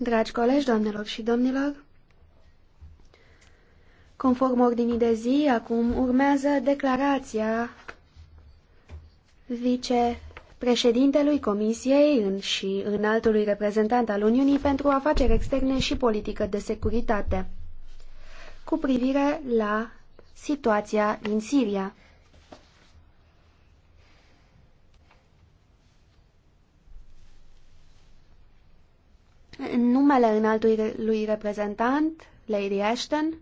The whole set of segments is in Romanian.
Dragi colegi, doamnelor și domnilor, conform ordinii de zi, acum urmează declarația vicepreședintelui Comisiei în și înaltului reprezentant al Uniunii pentru afaceri externe și politică de securitate cu privire la situația din Siria. În numele înaltului lui reprezentant, Lady Ashton,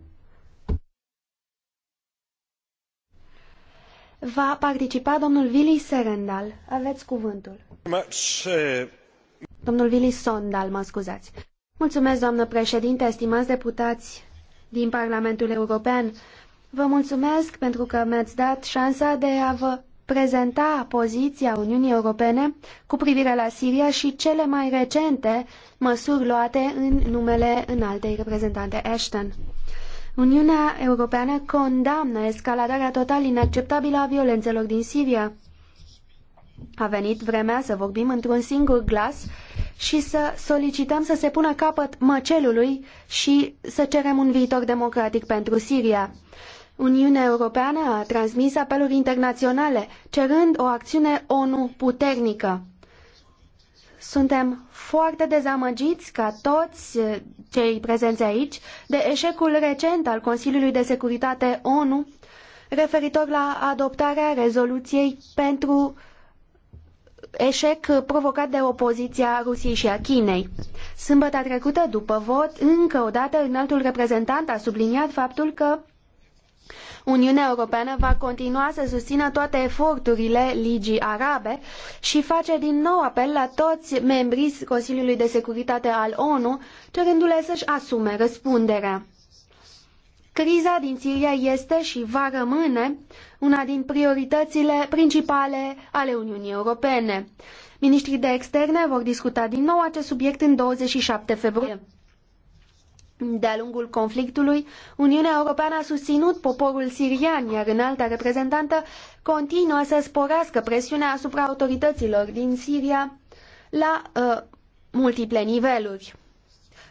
va participa domnul Willy Serendal. Aveți cuvântul. Uh, domnul Willy Sondal, mă scuzați. Mulțumesc, doamnă președinte, estimați deputați din Parlamentul European. Vă mulțumesc pentru că mi-ați dat șansa de a vă prezenta poziția Uniunii Europene cu privire la Siria și cele mai recente măsuri luate în numele înaltei reprezentante Ashton. Uniunea Europeană condamnă escaladarea total inacceptabilă a violențelor din Siria. A venit vremea să vorbim într-un singur glas și să solicităm să se pună capăt măcelului și să cerem un viitor democratic pentru Siria. Uniunea Europeană a transmis apeluri internaționale, cerând o acțiune ONU puternică. Suntem foarte dezamăgiți ca toți eh, cei prezenți aici de eșecul recent al Consiliului de Securitate ONU referitor la adoptarea rezoluției pentru eșec provocat de opoziția Rusiei și a Chinei. Sâmbătă trecută, după vot, încă o dată înaltul reprezentant a subliniat faptul că Uniunea Europeană va continua să susțină toate eforturile Ligii Arabe și face din nou apel la toți membrii Consiliului de Securitate al ONU, cerându-le să-și asume răspunderea. Criza din Siria este și va rămâne una din prioritățile principale ale Uniunii Europene. Ministrii de externe vor discuta din nou acest subiect în 27 februarie. De-a lungul conflictului, Uniunea Europeană a susținut poporul sirian, iar înalta reprezentantă continuă să sporească presiunea asupra autorităților din Siria la uh, multiple niveluri.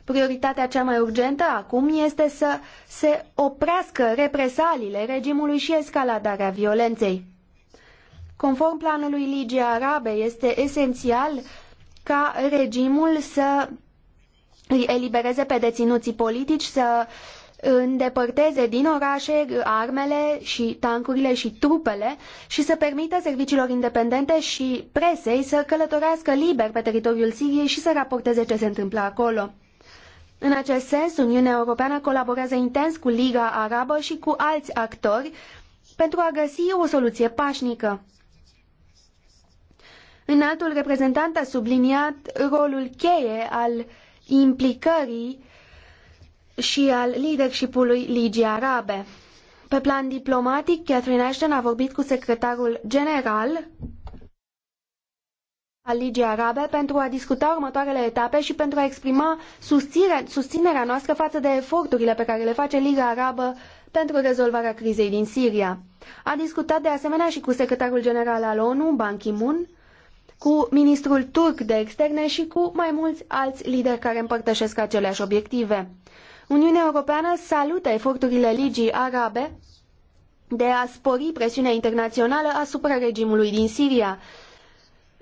Prioritatea cea mai urgentă acum este să se oprească represaliile regimului și escaladarea violenței. Conform planului Ligii Arabe, este esențial ca regimul să îi elibereze pe deținuții politici, să îndepărteze din orașe armele și tancurile și trupele și să permită serviciilor independente și presei să călătorească liber pe teritoriul Siriei și să raporteze ce se întâmplă acolo. În acest sens, Uniunea Europeană colaborează intens cu Liga Arabă și cu alți actori pentru a găsi o soluție pașnică. Înaltul reprezentant a subliniat rolul cheie al implicării și al leadership-ului Ligii Arabe. Pe plan diplomatic, Catherine Ashton a vorbit cu secretarul general al Ligii Arabe pentru a discuta următoarele etape și pentru a exprima susținerea noastră față de eforturile pe care le face Liga Arabă pentru rezolvarea crizei din Siria. A discutat de asemenea și cu secretarul general al ONU, Ban Ki-moon, cu ministrul turc de externe și cu mai mulți alți lideri care împărtășesc aceleași obiective. Uniunea Europeană salută eforturile Ligii Arabe de a spori presiunea internațională asupra regimului din Siria.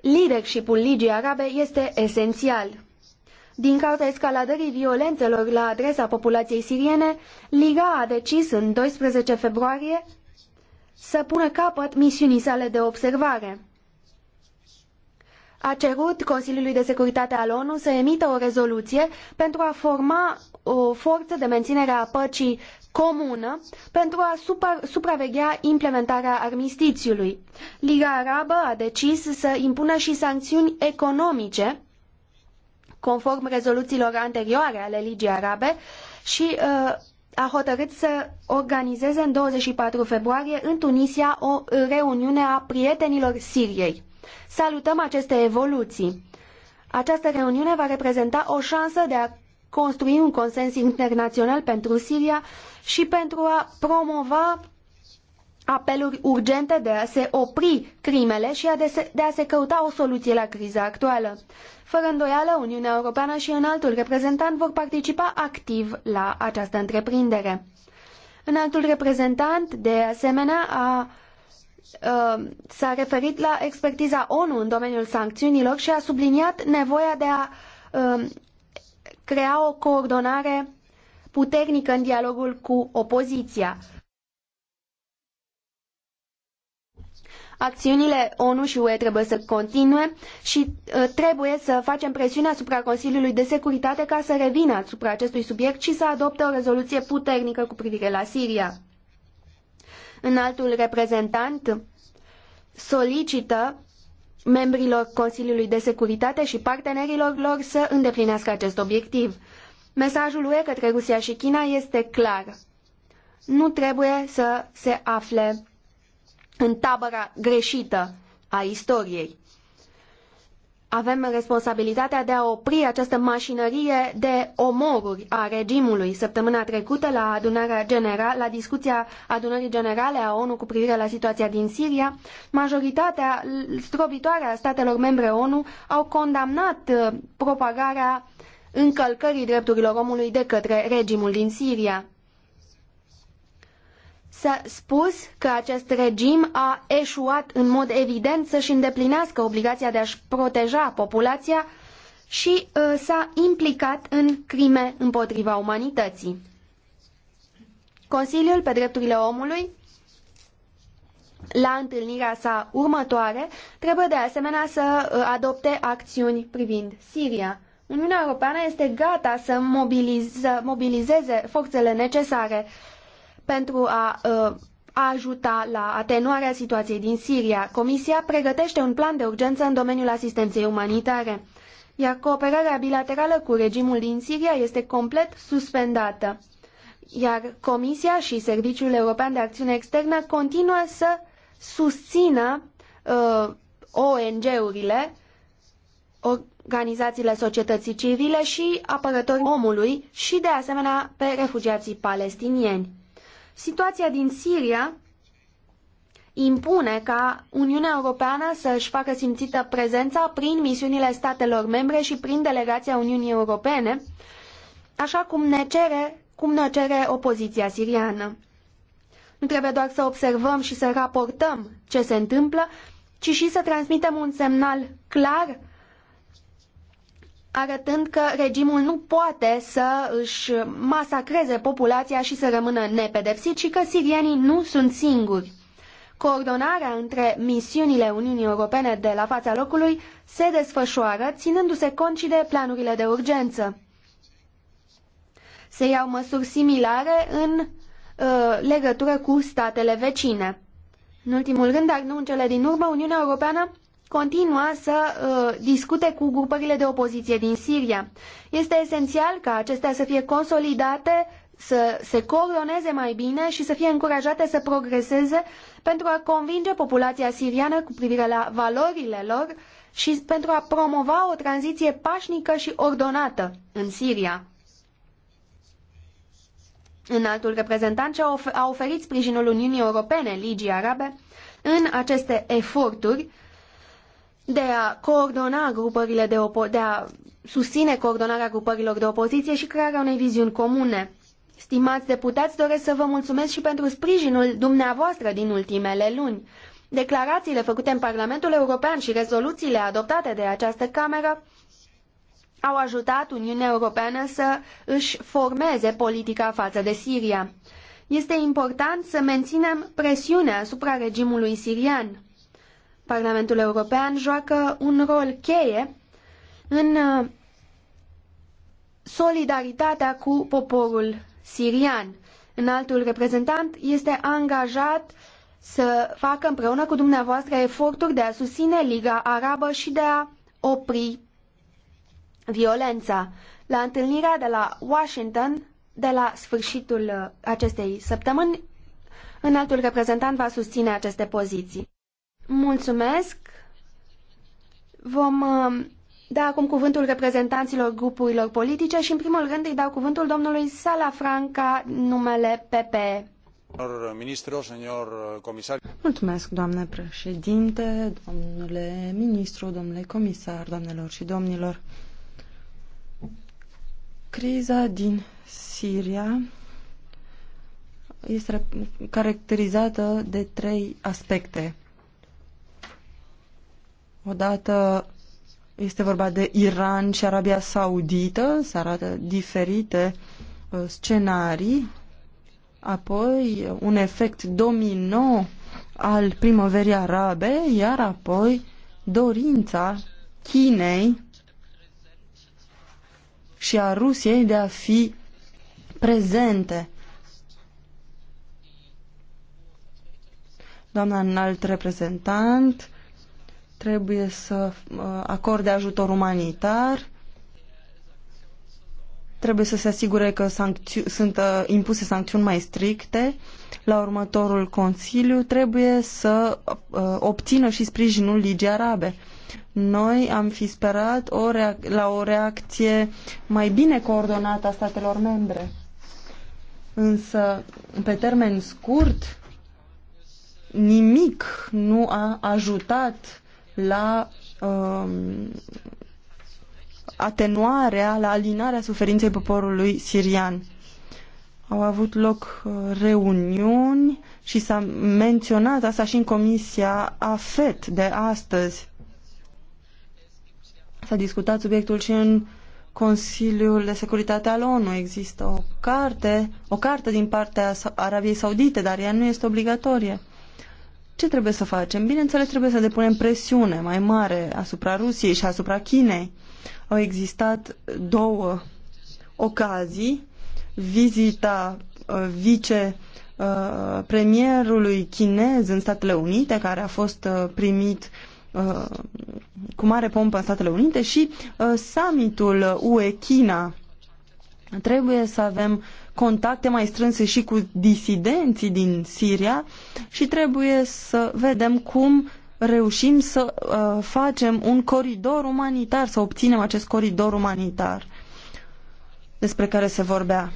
Leadershipul Ligii Arabe este esențial. Din cauza escaladării violențelor la adresa populației siriene, Liga a decis în 12 februarie să pună capăt misiunii sale de observare a cerut Consiliului de Securitate al ONU să emită o rezoluție pentru a forma o forță de menținere a păcii comună pentru a supra supraveghea implementarea armistițiului. Liga Arabă a decis să impună și sancțiuni economice conform rezoluțiilor anterioare ale Ligii Arabe și uh, a hotărât să organizeze în 24 februarie în Tunisia o reuniune a prietenilor Siriei. Salutăm aceste evoluții. Această reuniune va reprezenta o șansă de a construi un consens internațional pentru Siria și pentru a promova apeluri urgente de a se opri crimele și a de, se, de a se căuta o soluție la criza actuală. Fără îndoială, Uniunea Europeană și înaltul reprezentant vor participa activ la această întreprindere. Înaltul reprezentant, de asemenea, a Uh, s-a referit la expertiza ONU în domeniul sancțiunilor și a subliniat nevoia de a uh, crea o coordonare puternică în dialogul cu opoziția. Acțiunile ONU și UE trebuie să continue și uh, trebuie să facem presiune asupra Consiliului de Securitate ca să revină asupra acestui subiect și să adopte o rezoluție puternică cu privire la Siria. Înaltul reprezentant solicită membrilor Consiliului de Securitate și partenerilor lor să îndeplinească acest obiectiv. Mesajul UE către Rusia și China este clar. Nu trebuie să se afle în tabăra greșită a istoriei. Avem responsabilitatea de a opri această mașinărie de omoruri a regimului. Săptămâna trecută, la, adunarea general, la discuția adunării generale a ONU cu privire la situația din Siria, majoritatea strobitoare a statelor membre ONU au condamnat uh, propagarea încălcării drepturilor omului de către regimul din Siria. S-a spus că acest regim a eșuat în mod evident să-și îndeplinească obligația de a-și proteja populația și uh, s-a implicat în crime împotriva umanității. Consiliul pe drepturile omului la întâlnirea sa următoare, trebuie de asemenea să uh, adopte acțiuni privind Siria. Uniunea Europeană este gata să, mobilize, mobilizeze forțele necesare pentru ă, a ajuta la atenuarea situației din Siria. Comisia pregătește un plan de urgență în domeniul asistenței umanitare, iar cooperarea bilaterală cu regimul din Siria este complet suspendată. Iar Comisia și Serviciul European de Acțiune Externă continuă să susțină uh, ă, ONG-urile, organizațiile societății civile și apărători omului și de asemenea pe refugiații palestinieni. Situația din Siria impune ca Uniunea Europeană să își facă simțită prezența prin misiunile statelor membre și prin delegația Uniunii Europene, așa cum ne cere, cum ne cere opoziția siriană. Nu trebuie doar să observăm și să raportăm ce se întâmplă, ci și să transmitem un semnal clar arătând că regimul nu poate să își masacreze populația și să rămână nepedepsit și că sirienii nu sunt singuri. Coordonarea între misiunile Uniunii Europene de la fața locului se desfășoară, ținându-se cont și de planurile de urgență. Se iau măsuri similare în uh, legătură cu statele vecine. În ultimul rând, dar nu în cele din urmă, Uniunea Europeană continua să uh, discute cu grupările de opoziție din Siria. Este esențial ca acestea să fie consolidate, să se coordoneze mai bine și să fie încurajate să progreseze pentru a convinge populația siriană cu privire la valorile lor și pentru a promova o tranziție pașnică și ordonată în Siria. Înaltul reprezentant a oferit sprijinul Uniunii Europene, Ligii Arabe, în aceste eforturi, de a coordona grupările de opo- de a susține coordonarea grupărilor de opoziție și crearea unei viziuni comune. Stimați deputați, doresc să vă mulțumesc și pentru sprijinul dumneavoastră din ultimele luni. Declarațiile făcute în Parlamentul European și rezoluțiile adoptate de această cameră au ajutat Uniunea Europeană să își formeze politica față de Siria. Este important să menținem presiunea asupra regimului sirian. Parlamentul European joacă un rol cheie în uh, solidaritatea cu poporul sirian. altul reprezentant este angajat să facă împreună cu dumneavoastră eforturi de a susține Liga Arabă și de a opri violența. La întâlnirea de la Washington, de la sfârșitul uh, acestei săptămâni, altul reprezentant va susține aceste poziții. Mulțumesc. Vom uh, da acum cuvântul reprezentanților grupurilor politice și în primul rând îi dau cuvântul domnului Salafranca, numele PPE. Ministru, senior uh, comisar. Mulțumesc, doamne președinte, domnule ministru, domnule comisar, doamnelor și domnilor. Criza din Siria este caracterizată de trei aspecte. Odată este vorba de Iran și Arabia Saudită, se arată diferite uh, scenarii, apoi uh, un efect domino al primăverii arabe, iar apoi dorința Chinei și a Rusiei de a fi prezente. Doamna înalt reprezentant, trebuie să uh, acorde ajutor umanitar, trebuie să se asigure că sunt uh, impuse sancțiuni mai stricte. La următorul Consiliu trebuie să uh, obțină și sprijinul Ligii Arabe. Noi am fi sperat o la o reacție mai bine coordonată a statelor membre. Însă, pe termen scurt, nimic nu a ajutat la uh, atenuarea, la alinarea suferinței poporului sirian. Au avut loc uh, reuniuni și s-a menționat asta și în comisia AFET de astăzi. S-a discutat subiectul și în Consiliul de Securitate al ONU. Există o carte, o carte din partea Arabiei Saudite, dar ea nu este obligatorie. Ce trebuie să facem? Bineînțeles, trebuie să depunem presiune mai mare asupra Rusiei și asupra Chinei. Au existat două ocazii. Vizita uh, vice uh, premierului chinez în Statele Unite, care a fost uh, primit uh, cu mare pompă în Statele Unite și uh, summitul UE-China. Trebuie să avem contacte mai strânse și cu disidenții din Siria și trebuie să vedem cum reușim să uh, facem un coridor umanitar, să obținem acest coridor umanitar despre care se vorbea.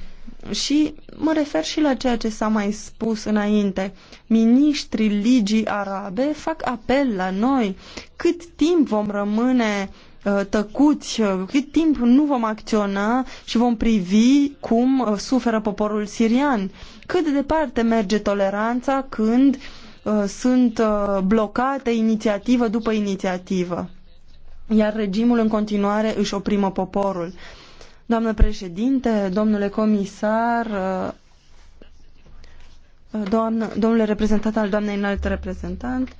Și mă refer și la ceea ce s-a mai spus înainte. Ministrii Ligii Arabe fac apel la noi. Cât timp vom rămâne uh, Uh, tăcuți, uh, cât timp nu vom acționa și vom privi cum uh, suferă poporul sirian. Cât de departe merge toleranța când sunt blocate inițiativă după inițiativă, iar regimul în continuare își oprimă poporul. Doamnă președinte, domnule comisar, doamnă, domnule reprezentant al doamnei înalt reprezentant,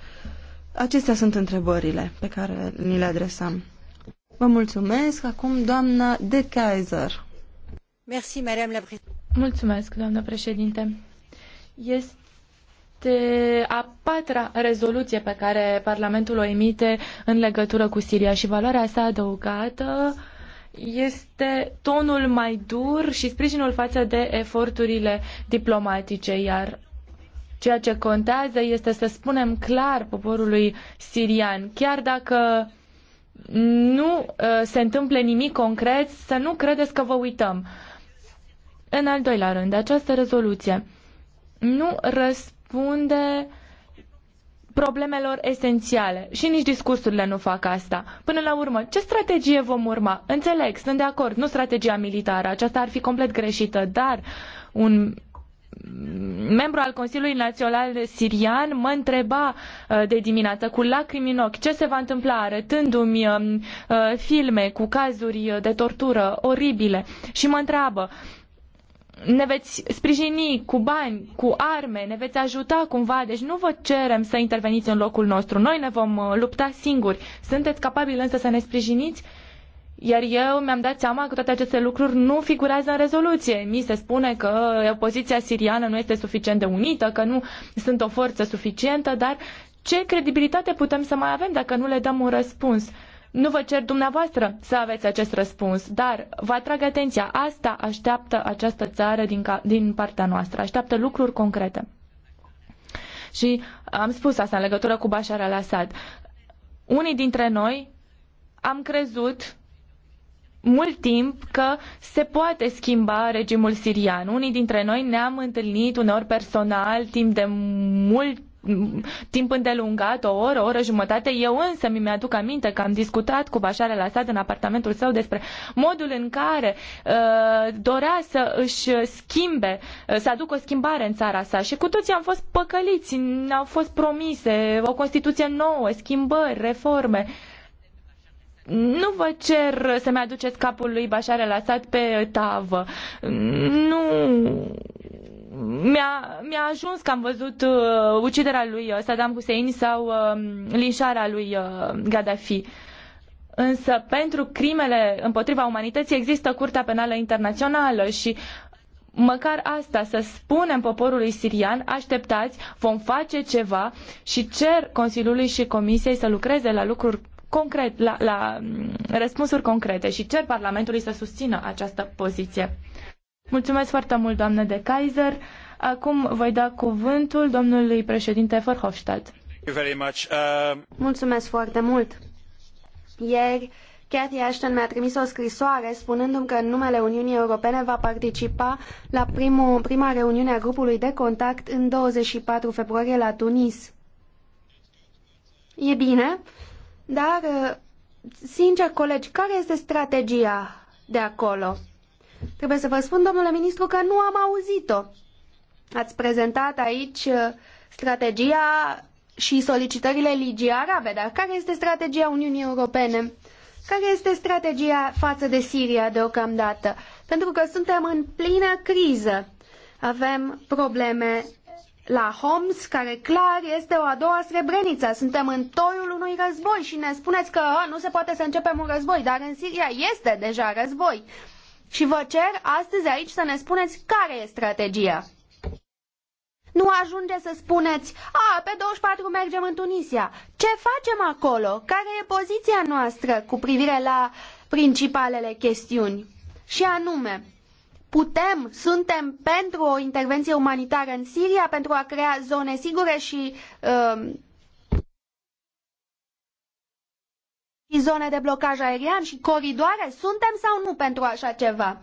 acestea sunt întrebările pe care ni le adresăm. Vă mulțumesc. Acum doamna De Kaiser. Merci, madame la Mulțumesc, doamnă președinte. Este este a patra rezoluție pe care Parlamentul o emite în legătură cu Siria și valoarea sa adăugată este tonul mai dur și sprijinul față de eforturile diplomatice, iar ceea ce contează este să spunem clar poporului sirian, chiar dacă nu uh, se întâmple nimic concret, să nu credeți că vă uităm. În al doilea rând, această rezoluție nu răspunde problemelor esențiale și nici discursurile nu fac asta. Până la urmă, ce strategie vom urma? Înțeleg, sunt de acord, nu strategia militară, aceasta ar fi complet greșită, dar un membru al Consiliului Național Sirian mă întreba uh, de dimineață cu lacrimi în ochi ce se va întâmpla arătându-mi um, uh, filme cu cazuri de tortură oribile și mă întreabă ne veți sprijini cu bani, cu arme, ne veți ajuta cumva, deci nu vă cerem să interveniți în locul nostru. Noi ne vom uh, lupta singuri. Sunteți capabili însă să ne sprijiniți? Uh, iar eu mi-am dat seama că toate aceste lucruri nu figurează în rezoluție. Mi se spune că opoziția siriană nu este suficient de unită, că nu sunt o forță suficientă, dar ce credibilitate putem să mai avem dacă nu le dăm un răspuns? Nu vă cer dumneavoastră să aveți acest răspuns, dar vă atrag atenția. Asta așteaptă această țară din, ca, din partea noastră. Așteaptă lucruri concrete. Și am spus asta în legătură cu Bashar al-Assad. Unii dintre noi am crezut mult timp că se poate schimba regimul sirian. Unii dintre noi ne-am întâlnit uneori personal timp de mult timp îndelungat, o oră, o oră jumătate. Eu însă mi-aduc aminte că am discutat cu Bashar al-Assad în apartamentul său despre modul în care uh, dorea să își schimbe, uh, să aducă o schimbare în țara sa și cu toții am fost păcăliți, ne-au fost promise o constituție nouă, schimbări, reforme. Uh, nu vă cer să-mi aduceți capul lui Bashar al-Assad pe tavă. Nu mi-a, mi-a ajuns că am văzut uh, uciderea lui uh, Saddam Hussein sau uh, linșarea lui uh, Gaddafi. Însă pentru crimele împotriva umanității există Curtea Penală Internațională și măcar asta să spunem poporului sirian, așteptați, vom face ceva și cer Consiliului și Comisiei să lucreze la lucruri concret, la, la mm, răspunsuri concrete și cer Parlamentului să susțină această poziție. Mulțumesc foarte mult, doamnă de Kaiser. Acum voi da cuvântul domnului președinte Verhofstadt. Uh, Mulțumesc foarte mult. Ieri, Cathy Ashton mi-a trimis o scrisoare spunându-mi că în numele Uniunii Europene va participa la primul, prima reuniune a grupului de contact în 24 februarie la Tunis. E bine, dar, sincer, colegi, care este strategia de acolo? Trebuie să vă spun, domnule ministru, că nu am auzit-o. Ați prezentat aici uh, strategia și solicitările Ligii Arabe, dar care este strategia Uniunii Europene? Care este strategia față de Siria deocamdată? Pentru că suntem în plină criză. Avem probleme la Homs, care clar este o a doua Srebrenica. Suntem în toiul unui război și ne spuneți că a, nu se poate să începem un război, dar în Siria este deja război. Și vă cer astăzi aici să ne spuneți care e strategia. Nu ajunge să spuneți, a, pe 24 mergem în Tunisia. Ce facem acolo? Care e poziția noastră cu privire la principalele chestiuni? Și anume, putem, suntem pentru o intervenție umanitară în Siria, pentru a crea zone sigure și uh, și zone de blocaj aerian și coridoare? Suntem sau nu pentru așa ceva?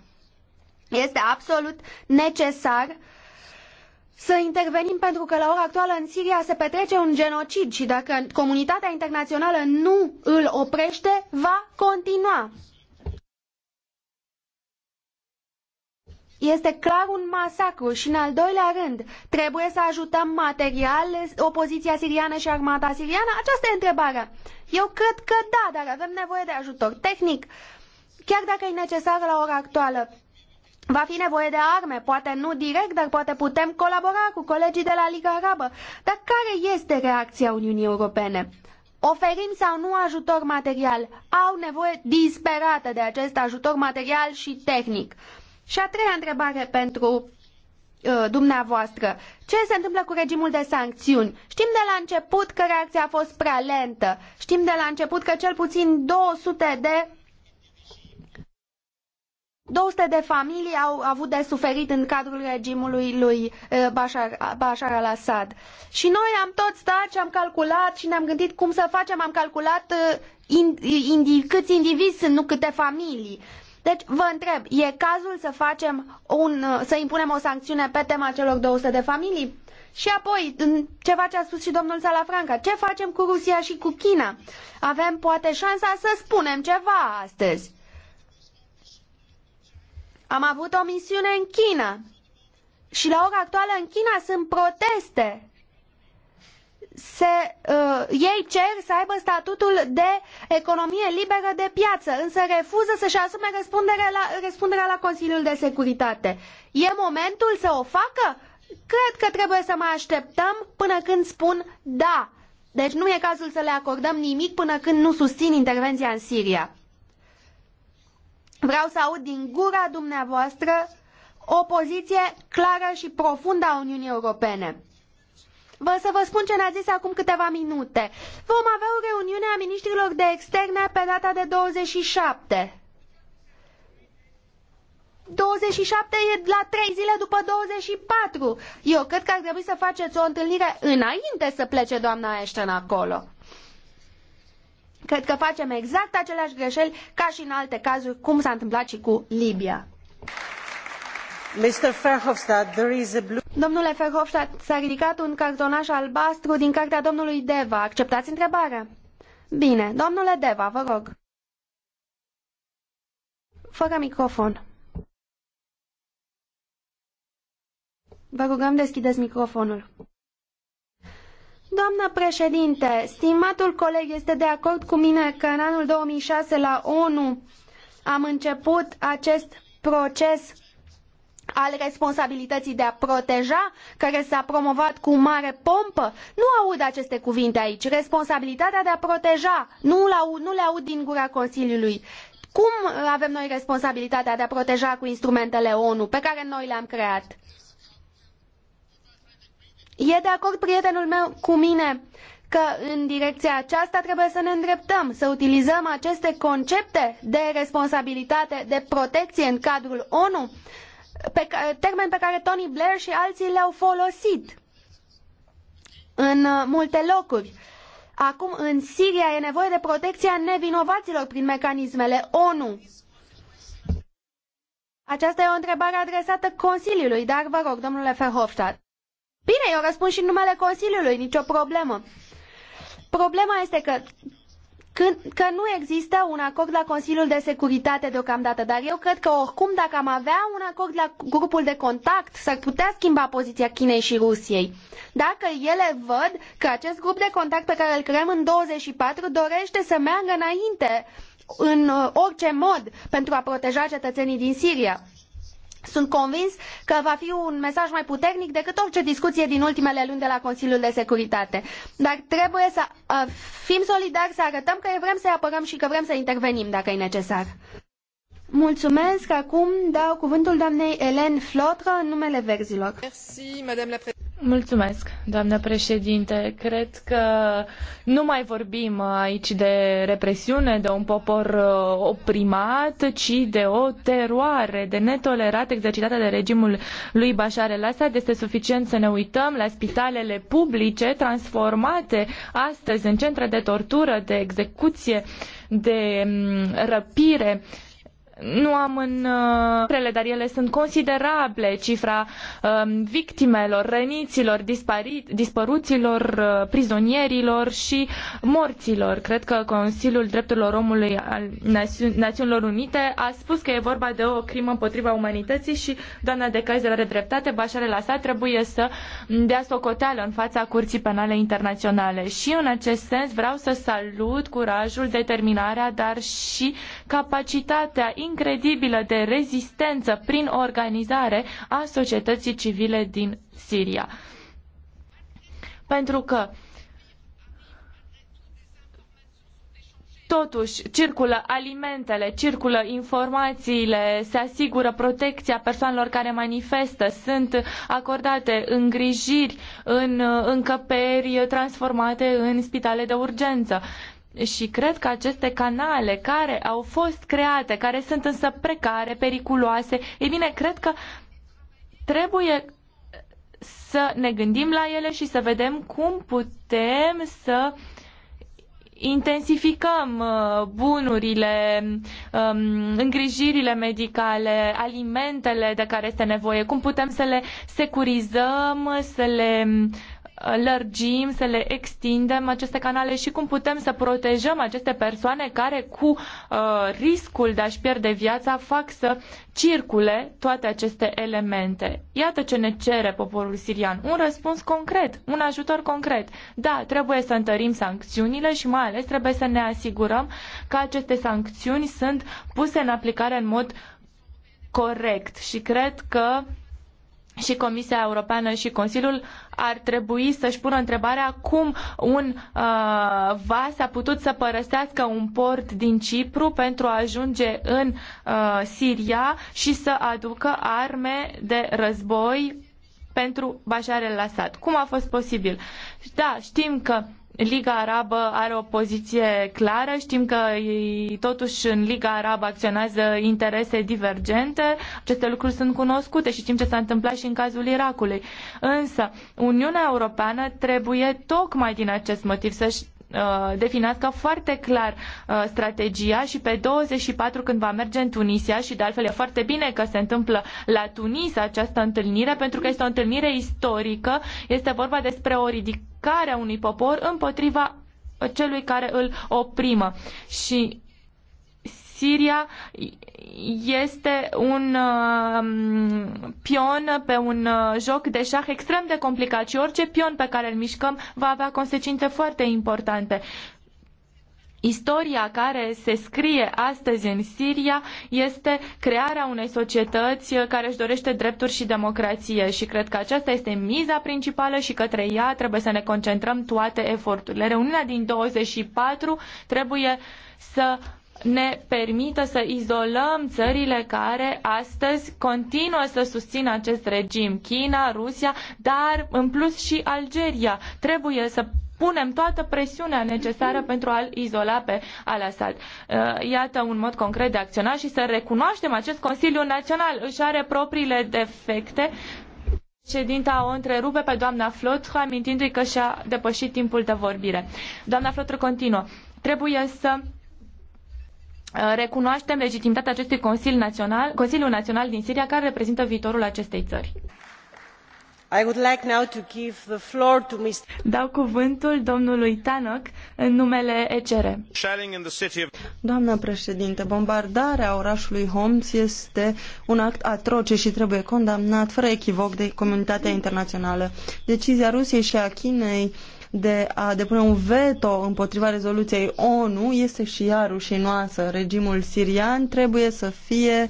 Este absolut necesar să intervenim pentru că la ora actuală în Siria se petrece un genocid și dacă comunitatea internațională nu îl oprește, va continua. Este clar un masacru și, în al doilea rând, trebuie să ajutăm material opoziția siriană și armata siriană? Aceasta e întrebarea. Eu cred că da, dar avem nevoie de ajutor tehnic, chiar dacă e necesar la ora actuală. Va fi nevoie de arme, poate nu direct, dar poate putem colabora cu colegii de la Liga Arabă. Dar care este reacția Uniunii Europene? Oferim sau nu ajutor material? Au nevoie disperată de acest ajutor material și tehnic. Și a treia întrebare pentru uh, dumneavoastră. Ce se întâmplă cu regimul de sancțiuni? Știm de la început că reacția a fost prea lentă. Știm de la început că cel puțin 200 de 200 de familii au avut de suferit în cadrul regimului lui uh, Bashar, Bashar al-Assad. Și noi am tot stat și am calculat și ne-am gândit cum să facem. Am calculat uh, indiv, câți indivizi sunt, nu câte familii. Deci vă întreb, e cazul să facem un, să impunem o sancțiune pe tema celor 200 de familii? Și apoi, ceva ce a spus și domnul Salafranca, ce facem cu Rusia și cu China? Avem poate șansa să spunem ceva astăzi. Am avut o misiune în China. Și la ora actuală în China sunt proteste se, uh, ei cer să aibă statutul de economie liberă de piață, însă refuză să-și asume răspunderea la, răspunderea la Consiliul de Securitate. E momentul să o facă? Cred că trebuie să mai așteptăm până când spun da. Deci nu e cazul să le acordăm nimic până când nu susțin intervenția în Siria. Vreau să aud din gura dumneavoastră o poziție clară și profundă a Uniunii Europene vă să vă spun ce ne-a zis acum câteva minute. Vom avea o reuniune a ministrilor de externe pe data de 27. 27 e la 3 zile după 24. Eu cred că ar trebui să faceți o întâlnire înainte să plece doamna Ashton acolo. Cred că facem exact aceleași greșeli ca și în alte cazuri, cum s-a întâmplat și cu Libia. Domnule Verhofstadt, s-a ridicat un cartonaș albastru din cartea domnului Deva. Acceptați întrebarea? Bine, domnule Deva, vă rog. Fără microfon. Vă rugăm deschideți microfonul. Doamnă președinte, stimatul coleg este de acord cu mine că în anul 2006 la ONU am început acest proces al responsabilității de a proteja, care s-a promovat cu mare pompă, nu aud aceste cuvinte aici. Responsabilitatea de a proteja, nu, nu le aud din gura Consiliului. Cum avem noi responsabilitatea de a proteja cu instrumentele ONU pe care noi le-am creat? E de acord prietenul meu cu mine că în direcția aceasta trebuie să ne îndreptăm, să utilizăm aceste concepte de responsabilitate, de protecție în cadrul ONU pe termen pe care Tony Blair și alții le-au folosit în uh, multe locuri. Acum, în Siria, e nevoie de protecția nevinovaților prin mecanismele ONU. Aceasta e o întrebare adresată Consiliului, dar vă rog, domnule Verhofstadt. Bine, eu răspund și în numele Consiliului, nicio problemă. Problema este că că nu există un acord la Consiliul de Securitate deocamdată, dar eu cred că oricum dacă am avea un acord la grupul de contact, s-ar putea schimba poziția Chinei și Rusiei. Dacă ele văd că acest grup de contact pe care îl creăm în 24 dorește să meargă înainte în uh, orice mod pentru a proteja cetățenii din Siria. Sunt convins că va fi un mesaj mai puternic decât orice discuție din ultimele luni de la Consiliul de Securitate. Dar trebuie să uh, fim solidari, să arătăm că vrem să-i apărăm și că vrem să intervenim dacă e necesar. Mulțumesc. Acum dau cuvântul doamnei Hélène Flotră în numele verzilor. Merci, Mulțumesc, doamnă președinte. Cred că nu mai vorbim aici de represiune, de un popor uh, oprimat, ci de o teroare, de netolerat exercitată de regimul lui Bashar el-Assad. Este suficient să ne uităm la spitalele publice transformate astăzi în centre de tortură, de execuție, de mm, răpire nu am în uh, prele, dar ele sunt considerabile, cifra um, victimelor, răniților, dispari, dispăruților, uh, prizonierilor și morților. Cred că Consiliul Drepturilor Omului al Națiunilor Unite a spus că e vorba de o crimă împotriva umanității și doamna de Kaiser are dreptate, Bashar el-Assad trebuie să dea socoteală în fața Curții Penale Internaționale. Și în acest sens vreau să salut curajul, determinarea, dar și capacitatea, incredibilă de rezistență prin organizare a societății civile din Siria. Pentru că Totuși, circulă alimentele, circulă informațiile, se asigură protecția persoanelor care manifestă, sunt acordate îngrijiri în încăperi transformate în spitale de urgență. Și cred că aceste canale care au fost create, care sunt însă precare, periculoase, ei bine, cred că trebuie să ne gândim la ele și să vedem cum putem să intensificăm uh, bunurile, um, îngrijirile medicale, alimentele de care este nevoie, cum putem să le securizăm, să le lărgim, să le extindem aceste canale și cum putem să protejăm aceste persoane care cu uh, riscul de a-și pierde viața fac să circule toate aceste elemente. Iată ce ne cere poporul sirian. Un răspuns concret, un ajutor concret. Da, trebuie să întărim sancțiunile și mai ales trebuie să ne asigurăm că aceste sancțiuni sunt puse în aplicare în mod corect și cred că și Comisia Europeană și Consiliul ar trebui să-și pună întrebarea cum un uh, vas a putut să părăsească un port din Cipru pentru a ajunge în uh, Siria și să aducă arme de război pentru Bashar al-Assad. Cum a fost posibil? Da, știm că Liga Arabă are o poziție clară, știm că totuși în Liga Arabă acționează interese divergente, aceste lucruri sunt cunoscute și știm ce s-a întâmplat și în cazul Irakului. Însă, Uniunea Europeană trebuie tocmai din acest motiv să-și uh, definească foarte clar uh, strategia și pe 24 când va merge în Tunisia și de altfel e foarte bine că se întâmplă la Tunis această întâlnire pentru că este o întâlnire istorică, este vorba despre o ridicare implicarea unui popor împotriva celui care îl oprimă. Și Siria este un um, pion pe un uh, joc de șah extrem de complicat și orice pion pe care îl mișcăm va avea consecințe foarte importante. Istoria care se scrie astăzi în Siria este crearea unei societăți care își dorește drepturi și democrație și cred că aceasta este miza principală și către ea trebuie să ne concentrăm toate eforturile. Reuniunea din 24 trebuie să ne permită să izolăm țările care astăzi continuă să susțină acest regim, China, Rusia, dar în plus și Algeria. Trebuie să punem toată presiunea necesară pentru a-l izola pe Al-Assad. Uh, iată un mod concret de a acționa și să recunoaștem acest Consiliu Național. Își are propriile defecte. Președinta o întrerupe pe doamna Flotr, amintindu-i că și-a depășit timpul de vorbire. Doamna Flotr continuă. Trebuie să uh, recunoaștem legitimitatea acestui Consiliu Național, Consiliu Național din Siria, care reprezintă viitorul acestei țări. Dau cuvântul domnului Tannock în numele ECR. Doamnă președinte, bombardarea orașului Homs este un act atroce și trebuie condamnat fără echivoc de comunitatea internațională. Decizia Rusiei și a Chinei de a depune un veto împotriva rezoluției ONU este și ea rușinoasă. Regimul sirian trebuie să fie uh,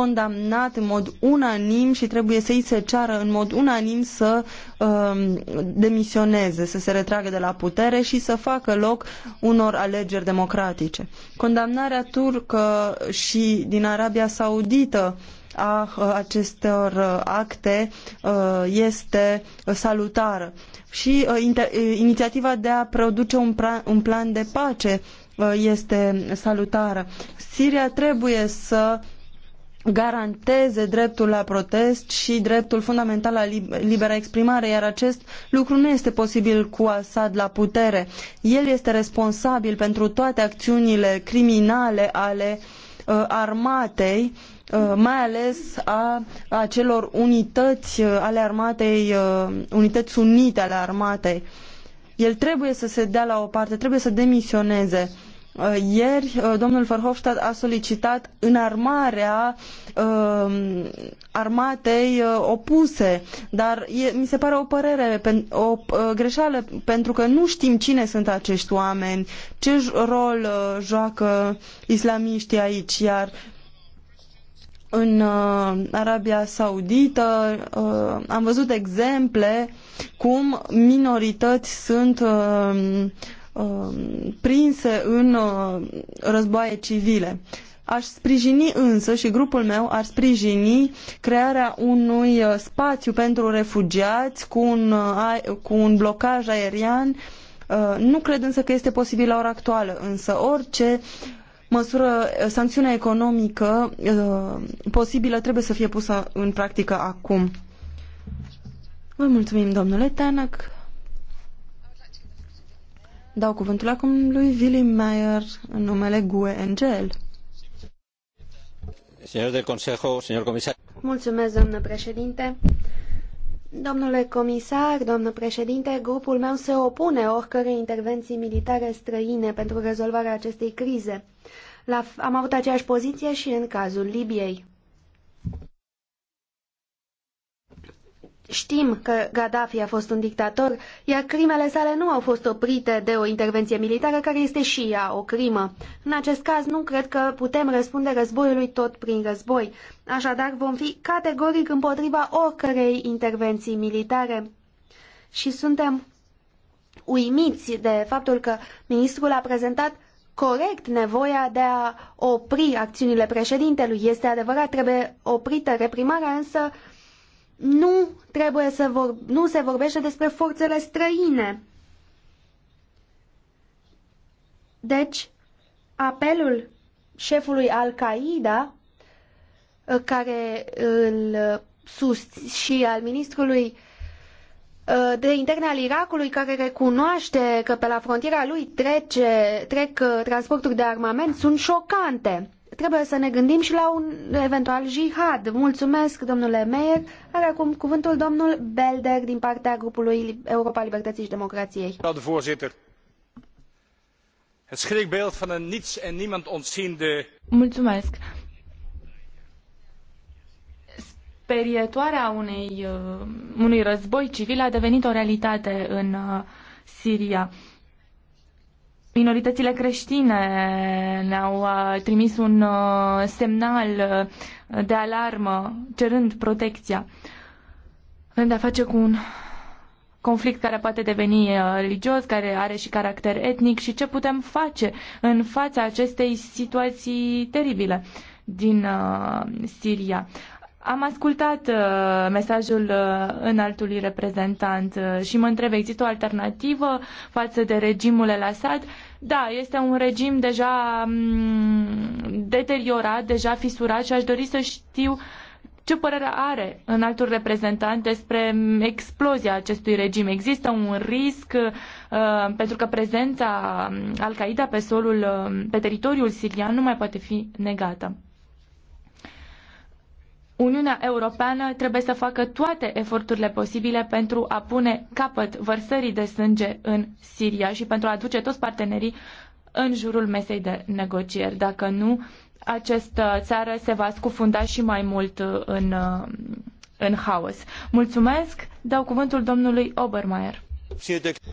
condamnat în mod unanim și trebuie să i se ceară în mod unanim să uh, demisioneze, să se retragă de la putere și să facă loc unor alegeri democratice. Condamnarea turcă și din Arabia Saudită a acestor acte uh, este salutară. Și uh, uh, inițiativa de a produce un plan de pace este salutară. Siria trebuie să garanteze dreptul la protest și dreptul fundamental la libera exprimare, iar acest lucru nu este posibil cu Assad la putere. El este responsabil pentru toate acțiunile criminale ale uh, armatei, uh, mai ales a acelor unități uh, ale armatei, uh, unități sunite ale armatei. El trebuie să se dea la o parte, trebuie să demisioneze Uh, ieri, uh, domnul Verhofstadt a solicitat înarmarea uh, armatei uh, opuse, dar e, mi se pare o părere, o greșeală, pentru că nu știm cine sunt acești oameni, ce rol joacă islamiștii aici, iar în Arabia Saudită am văzut exemple cum minorități sunt Um, prinse în uh, războaie civile. Aș sprijini însă și grupul meu ar sprijini crearea unui uh, spațiu pentru refugiați cu un, uh, cu un blocaj aerian. Nu cred însă că este posibil la ora actuală, însă orice măsură, sancțiune economică posibilă trebuie să fie pusă în practică acum. Vă mulțumim, domnule Tanak. Dau cuvântul acum lui Willy Meyer în numele GUE Angel. Mulțumesc, doamnă președinte. Domnule comisar, doamnă președinte, grupul meu se opune oricărei intervenții militare străine pentru rezolvarea acestei crize. La, am avut aceeași poziție și în cazul Libiei. Știm că Gaddafi a fost un dictator, iar crimele sale nu au fost oprite de o intervenție militară care este și ea o crimă. În acest caz nu cred că putem răspunde războiului tot prin război. Așadar vom fi categoric împotriva oricărei intervenții militare. Și suntem uimiți de faptul că ministrul a prezentat corect nevoia de a opri acțiunile președintelui. Este adevărat, trebuie oprită reprimarea, însă nu, trebuie să vor, nu se vorbește despre forțele străine. Deci, apelul șefului Al-Qaeda, uh, care îl sus și al ministrului uh, de interne al Irakului, care recunoaște că pe la frontiera lui trece, trec uh, transporturi de armament, sunt șocante trebuie să ne gândim și la un eventual jihad. Mulțumesc, domnule Meyer. Are acum cuvântul domnul Belder din partea grupului Europa Libertății și Democrației. Mulțumesc. Sperietoarea unei, uh, unui război civil a devenit o realitate în uh, Siria. Minoritățile creștine ne-au uh, trimis un uh, semnal uh, de alarmă cerând protecția. Avem de-a face cu un conflict care poate deveni religios, care are și caracter etnic și ce putem face în fața acestei situații teribile din Siria. Am ascultat uh, mesajul uh, înaltului reprezentant uh, și mă întreb, există o alternativă față de regimul El Assad? Da, este un regim deja um, deteriorat, deja fisurat și aș dori să știu ce părere are în altul reprezentant despre mm, explozia acestui regim? Există un risc uh, pentru că prezența mm, Al-Qaeda pe solul, uh, pe teritoriul sirian nu mai poate fi negată. Uniunea Europeană trebuie să facă toate eforturile posibile pentru a pune capăt vărsării de sânge în Siria și pentru a aduce toți partenerii în jurul mesei de negocieri. Dacă nu, această țară se va scufunda și mai mult în, în haos. Mulțumesc, dau cuvântul domnului Obermeier.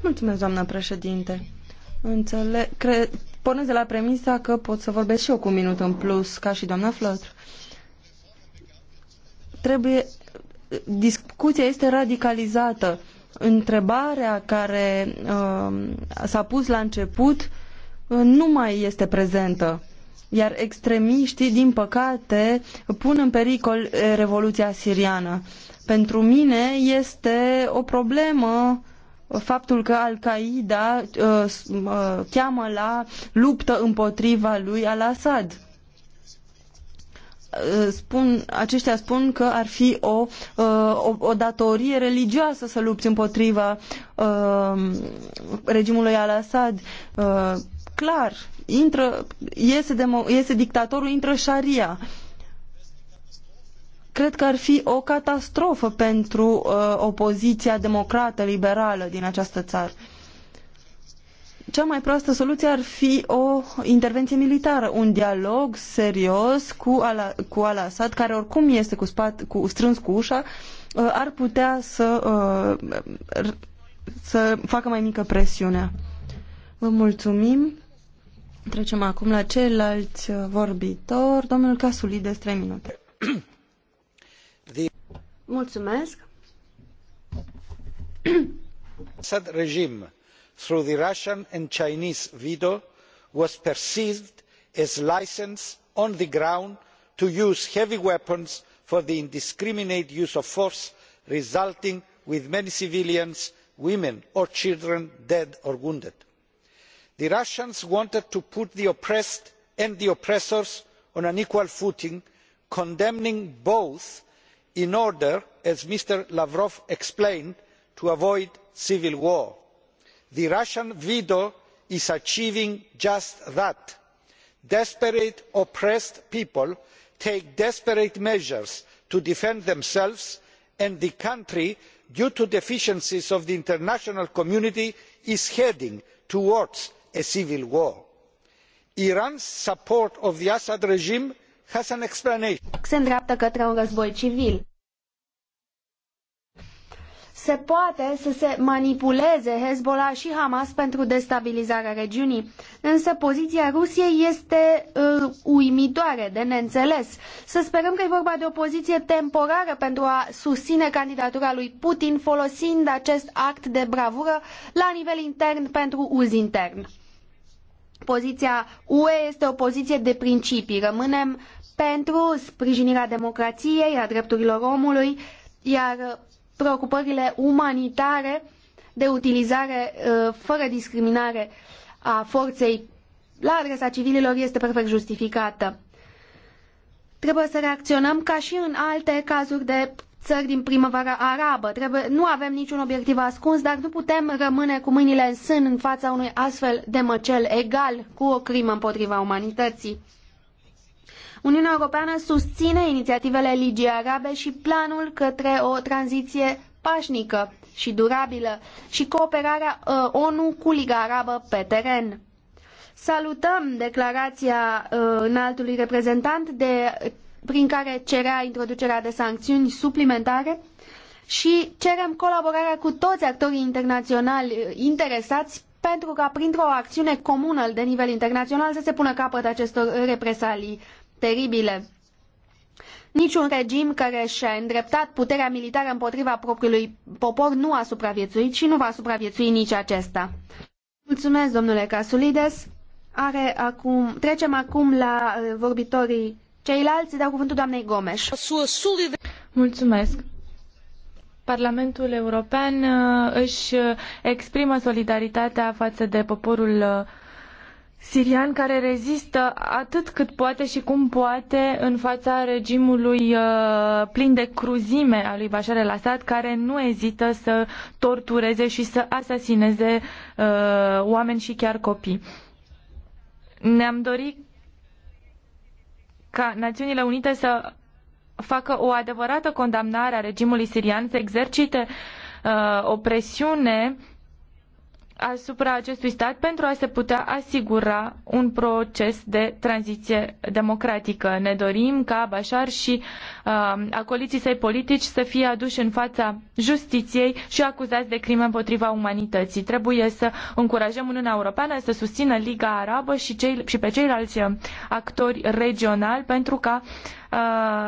Mulțumesc, doamna președinte. Înțeleg, cre... pornesc de la premisa că pot să vorbesc și eu cu un minut în plus, ca și doamna Flotr trebuie discuția este radicalizată. Întrebarea care uh, s-a pus la început uh, nu mai este prezentă. Iar extremiștii, din păcate, pun în pericol uh, Revoluția siriană. Pentru mine este o problemă faptul că Al-Qaeda uh, uh cheamă la luptă împotriva lui Al-Assad Uh, spun, aceștia spun că ar fi o, uh, o, o datorie religioasă să lupți împotriva uh, regimului al-Assad. clar, intră, iese, demo, iese dictatorul, intră șaria. Cred că ar fi o catastrofă pentru uh, opoziția democrată, liberală din această țară cea mai proastă soluție ar fi o intervenție militară, un dialog serios cu, Ala, cu Al-Assad, care oricum este cu, spate, cu strâns cu ușa, uh, ar putea să, uh, să facă mai mică presiunea. Vă mulțumim. Trecem acum la ceilalți uh, vorbitori. Domnul Casulides, 3 minute. Mulțumesc. Assad regim through the russian and chinese veto was perceived as licence on the ground to use heavy weapons for the indiscriminate use of force resulting in many civilians women or children dead or wounded. the russians wanted to put the oppressed and the oppressors on an equal footing condemning both in order as mr lavrov explained to avoid civil war the russian veto is achieving just that. desperate oppressed people take desperate measures to defend themselves and the country due to deficiencies of the international community is heading towards a civil war. iran's support of the assad regime has an explanation se poate să se manipuleze Hezbollah și Hamas pentru destabilizarea regiunii. Însă poziția Rusiei este uh, uimitoare, de neînțeles. Să sperăm că e vorba de o poziție temporară pentru a susține candidatura lui Putin folosind acest act de bravură la nivel intern pentru uz intern. Poziția UE este o poziție de principii. Rămânem pentru sprijinirea democrației, a drepturilor omului, iar preocupările umanitare de utilizare uh, fără discriminare a forței la adresa civililor este perfect justificată. Trebuie să reacționăm ca și în alte cazuri de țări din primăvara arabă. Trebuie, nu avem niciun obiectiv ascuns, dar nu putem rămâne cu mâinile în sân în fața unui astfel de măcel egal cu o crimă împotriva umanității. Uniunea Europeană susține inițiativele Ligii Arabe și planul către o tranziție pașnică și durabilă și cooperarea uh, ONU cu Liga Arabă pe teren. Salutăm declarația uh, înaltului reprezentant de, prin care cerea introducerea de sancțiuni suplimentare și cerem colaborarea cu toți actorii internaționali uh, interesați pentru ca printr-o acțiune comună de nivel internațional să se pună capăt acestor represalii teribile. Niciun regim care și-a îndreptat puterea militară împotriva propriului popor nu a supraviețuit și nu va supraviețui nici acesta. Mulțumesc, domnule Casulides. Are acum, trecem acum la uh, vorbitorii ceilalți, dau cuvântul doamnei Gomes. Mulțumesc. Parlamentul European uh, își exprimă solidaritatea față de poporul uh, sirian care rezistă atât cât poate și cum poate în fața regimului uh, plin de cruzime a lui Bashar al-Assad, care nu ezită să tortureze și să asasineze uh, oameni și chiar copii. Ne-am dorit ca Națiunile Unite să facă o adevărată condamnare a regimului sirian, să exercite uh, o presiune uh, asupra acestui stat pentru a se putea asigura un proces de tranziție democratică. Ne dorim ca Bashar și uh, acoliții săi politici să fie aduși în fața justiției și acuzați de crime împotriva umanității. Trebuie să încurajăm Uniunea Europeană să susțină Liga Arabă și, cei, și pe ceilalți actori regionali pentru ca uh, Uh,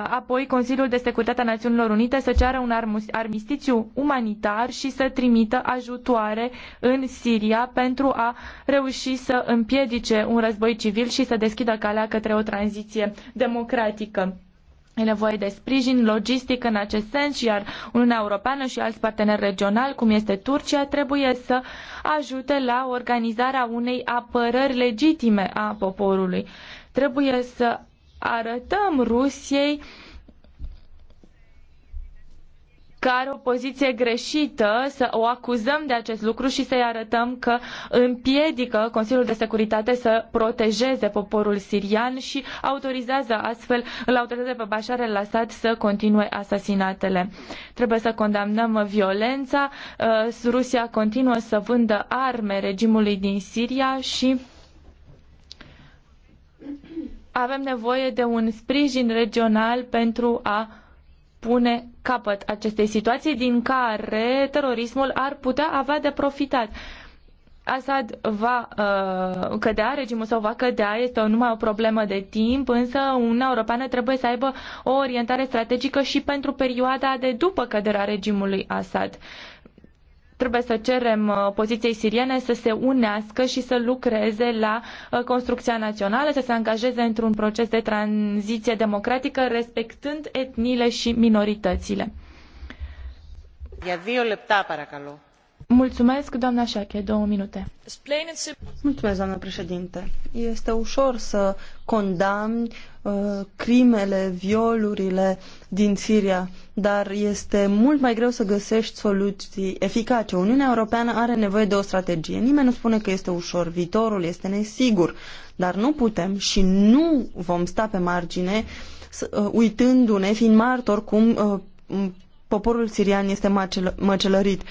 apoi Consiliul de Securitate a Națiunilor Unite să ceară un armistițiu umanitar și să trimită ajutoare în Siria pentru a reuși să împiedice un război civil și să deschidă calea către o tranziție democratică. E nevoie de sprijin logistic în acest sens, iar Uniunea Europeană și alți parteneri regionali, cum este Turcia, trebuie să ajute la organizarea unei apărări legitime a poporului. Trebuie să arătăm Rusiei că are o poziție greșită, să o acuzăm de acest lucru și să-i arătăm că împiedică Consiliul de Securitate să protejeze poporul sirian și autorizează astfel, îl autorizează pe Bashar al-Assad să continue asasinatele. Trebuie să condamnăm violența, uh, Rusia continuă să vândă arme regimului din Siria și avem nevoie de un sprijin regional pentru a pune capăt acestei situații din care terorismul ar putea avea de profitat. Assad va uh, cădea, regimul său va cădea, este o, numai o problemă de timp, însă Uniunea Europeană trebuie să aibă o orientare strategică și pentru perioada de după căderea regimului Assad. Uh, Trebuie să cerem uh, poziției siriene să se unească și să lucreze la uh, construcția națională, să se angajeze într-un proces de tranziție democratică, respectând etniile și minoritățile. Mulțumesc, doamna Șache, două minute. Mulțumesc, doamna președinte. Este ușor să condamni uh, crimele, violurile din Siria, dar este mult mai greu să găsești soluții eficace. Uniunea Europeană are nevoie de o strategie. Nimeni nu spune că este ușor, viitorul este nesigur, dar nu putem și nu vom sta pe margine uh, uitându-ne, fiind martor cum uh, poporul sirian este măcelărit.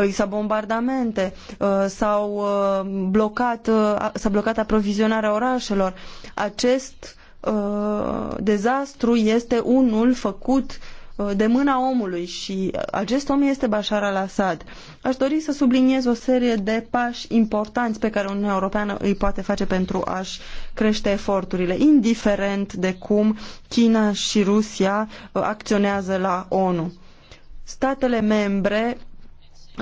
Uh, i s-a bombardamente, uh, s-au uh, blocat, s-a blocat aprovizionarea orașelor. Acest dezastru este unul făcut de mâna omului și acest om este Bashar al-Assad. Aș dori să subliniez o serie de pași importanți pe care Uniunea Europeană îi poate face pentru a-și crește eforturile, indiferent de cum China și Rusia acționează la ONU. Statele membre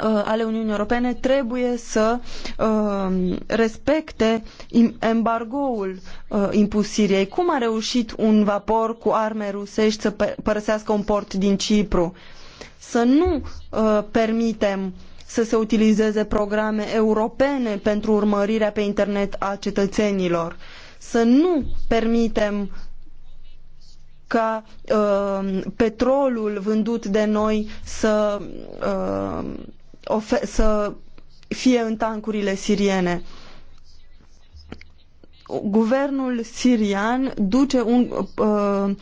Uh, ale Uniunii Europene trebuie să uh, respecte embargoul uh, impus Siriei. Cum a reușit un vapor cu arme rusești să părăsească un port din Cipru? Să nu permitem să se utilizeze programe europene pentru urmărirea pe internet a cetățenilor. Să nu permitem ca petrolul vândut de noi să să fie în tancurile siriene. Guvernul sirian duce un uh,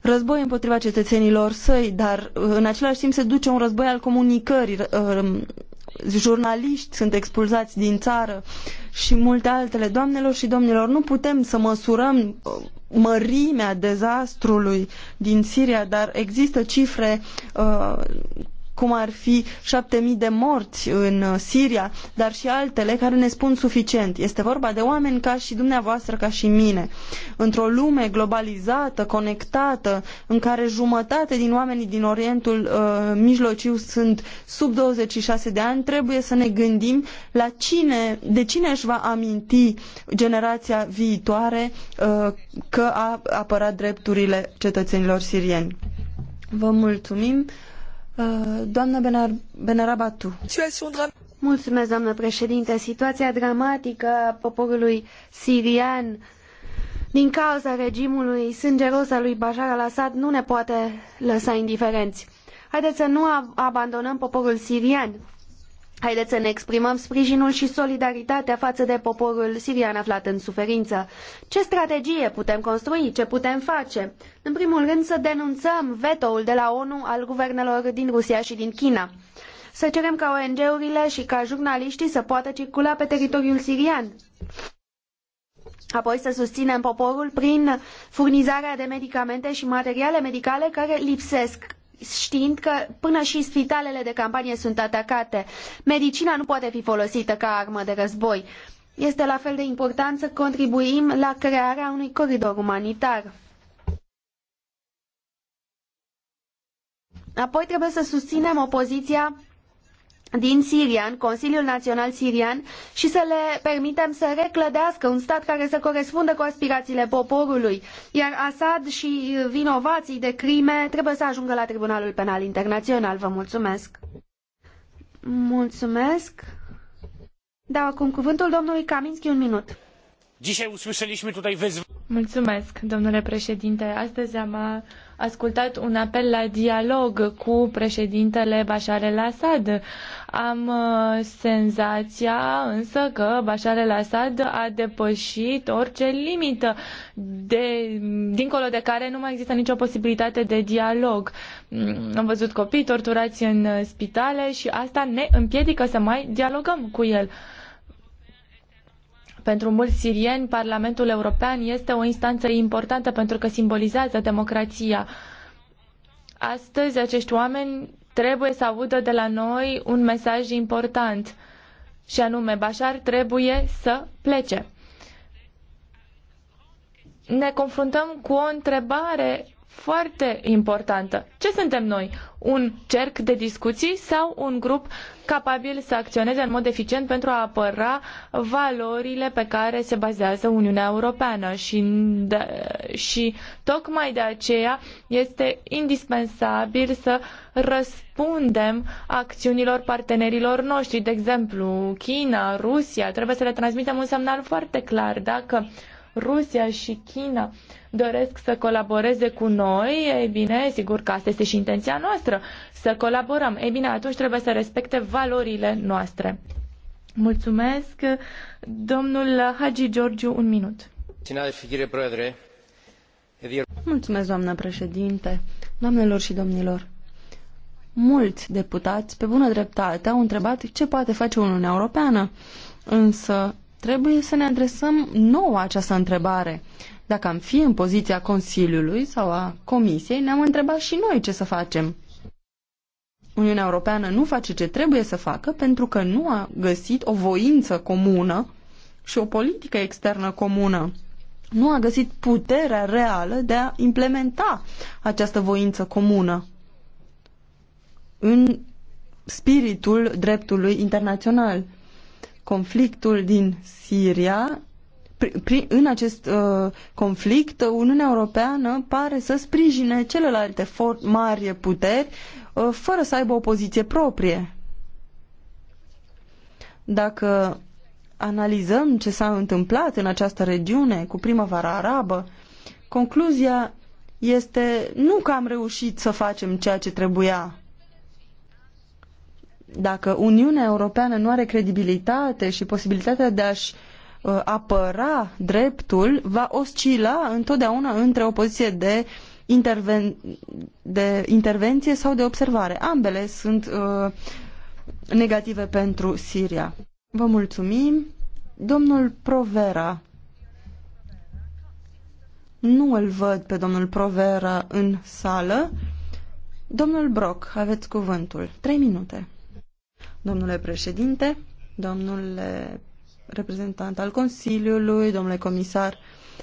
război împotriva cetățenilor săi, dar uh, în același timp se duce un război al comunicării. Uh, jurnaliști sunt expulzați din țară și multe altele. Doamnelor și domnilor, nu putem să măsurăm uh, mărimea dezastrului din Siria, dar există cifre uh, cum ar fi șapte mii de morți în uh, Siria, dar și altele care ne spun suficient. Este vorba de oameni ca și dumneavoastră, ca și mine. Într-o lume globalizată, conectată, în care jumătate din oamenii din Orientul uh, Mijlociu sunt sub 26 de ani, trebuie să ne gândim la cine, de cine își va aminti generația viitoare uh, că a apărat drepturile cetățenilor sirieni. Vă mulțumim. Uh, Doamna Benar Benarabatu. Mulțumesc, doamnă președinte. Situația dramatică a poporului sirian din cauza regimului sângeros al lui Bashar al-Assad nu ne poate lăsa indiferenți. Haideți să nu abandonăm poporul sirian. Haideți să ne exprimăm sprijinul și solidaritatea față de poporul sirian aflat în suferință. Ce strategie putem construi? Ce putem face? În primul rând să denunțăm vetoul de la ONU al guvernelor din Rusia și din China. Să cerem ca ONG-urile și ca jurnaliștii să poată circula pe teritoriul sirian. Apoi să susținem poporul prin furnizarea de medicamente și materiale medicale care lipsesc știind că până și spitalele de campanie sunt atacate. Medicina nu poate fi folosită ca armă de război. Este la fel de important să contribuim la crearea unui coridor umanitar. Apoi trebuie să susținem opoziția din Siria, în Consiliul Național Sirian și să le permitem să reclădească un stat care să corespundă cu aspirațiile poporului, iar Assad și vinovații de crime trebuie să ajungă la Tribunalul Penal Internațional. Vă mulțumesc! Mulțumesc! Dau acum cuvântul domnului Kaminski un minut. Mulțumesc, domnule președinte. Astăzi am ascultat un apel la dialog cu președintele Bashar el-Assad. Am uh, senzația însă că Bashar el-Assad a depășit orice limită de, dincolo de care nu mai există nicio posibilitate de dialog. Mm, am văzut copii torturați în spitale și asta ne împiedică să mai dialogăm cu el. Pentru mulți sirieni, Parlamentul European este o instanță importantă pentru că simbolizează democrația. Astăzi, acești oameni trebuie să audă de la noi un mesaj important și anume Bashar trebuie să plece. Ne confruntăm cu o întrebare foarte importantă. Ce suntem noi? un cerc de discuții sau un grup capabil să acționeze în mod eficient pentru a apăra valorile pe care se bazează Uniunea Europeană și, de, și tocmai de aceea este indispensabil să răspundem acțiunilor partenerilor noștri, de exemplu China, Rusia, trebuie să le transmitem un semnal foarte clar dacă uh, Rusia și China doresc să colaboreze cu noi, ei bine, sigur că asta este și intenția noastră, să colaborăm. Ei bine, atunci trebuie să respecte valorile noastre. Mulțumesc. Domnul Hagi Georgiu, un minut. Mulțumesc, doamnă președinte. Doamnelor și domnilor, mulți deputați, pe bună dreptate, au întrebat ce poate face Uniunea Europeană. Însă, Trebuie să ne adresăm nouă această întrebare. Dacă am fi în poziția Consiliului sau a Comisiei, ne-am întrebat și noi ce să facem. Uniunea Europeană nu face ce trebuie să facă pentru că nu a găsit o voință comună și o politică externă comună. Nu a găsit puterea reală de a implementa această voință comună în spiritul dreptului internațional conflictul din Siria, în acest uh, conflict, Uniunea Europeană pare să sprijine celelalte mari puteri uh, fără să aibă o poziție proprie. Dacă analizăm ce s-a întâmplat în această regiune cu primăvara arabă, concluzia este nu că am reușit să facem ceea ce trebuia. Dacă Uniunea Europeană nu are credibilitate și posibilitatea de a-și uh, apăra dreptul, va oscila întotdeauna între o poziție de, interven- de intervenție sau de observare. Ambele sunt uh, negative pentru Siria. Vă mulțumim. Domnul Provera. Nu îl văd pe domnul Provera în sală. Domnul Brock, aveți cuvântul. Trei minute. Domnule președinte, domnule reprezentant al Consiliului, domnule comisar,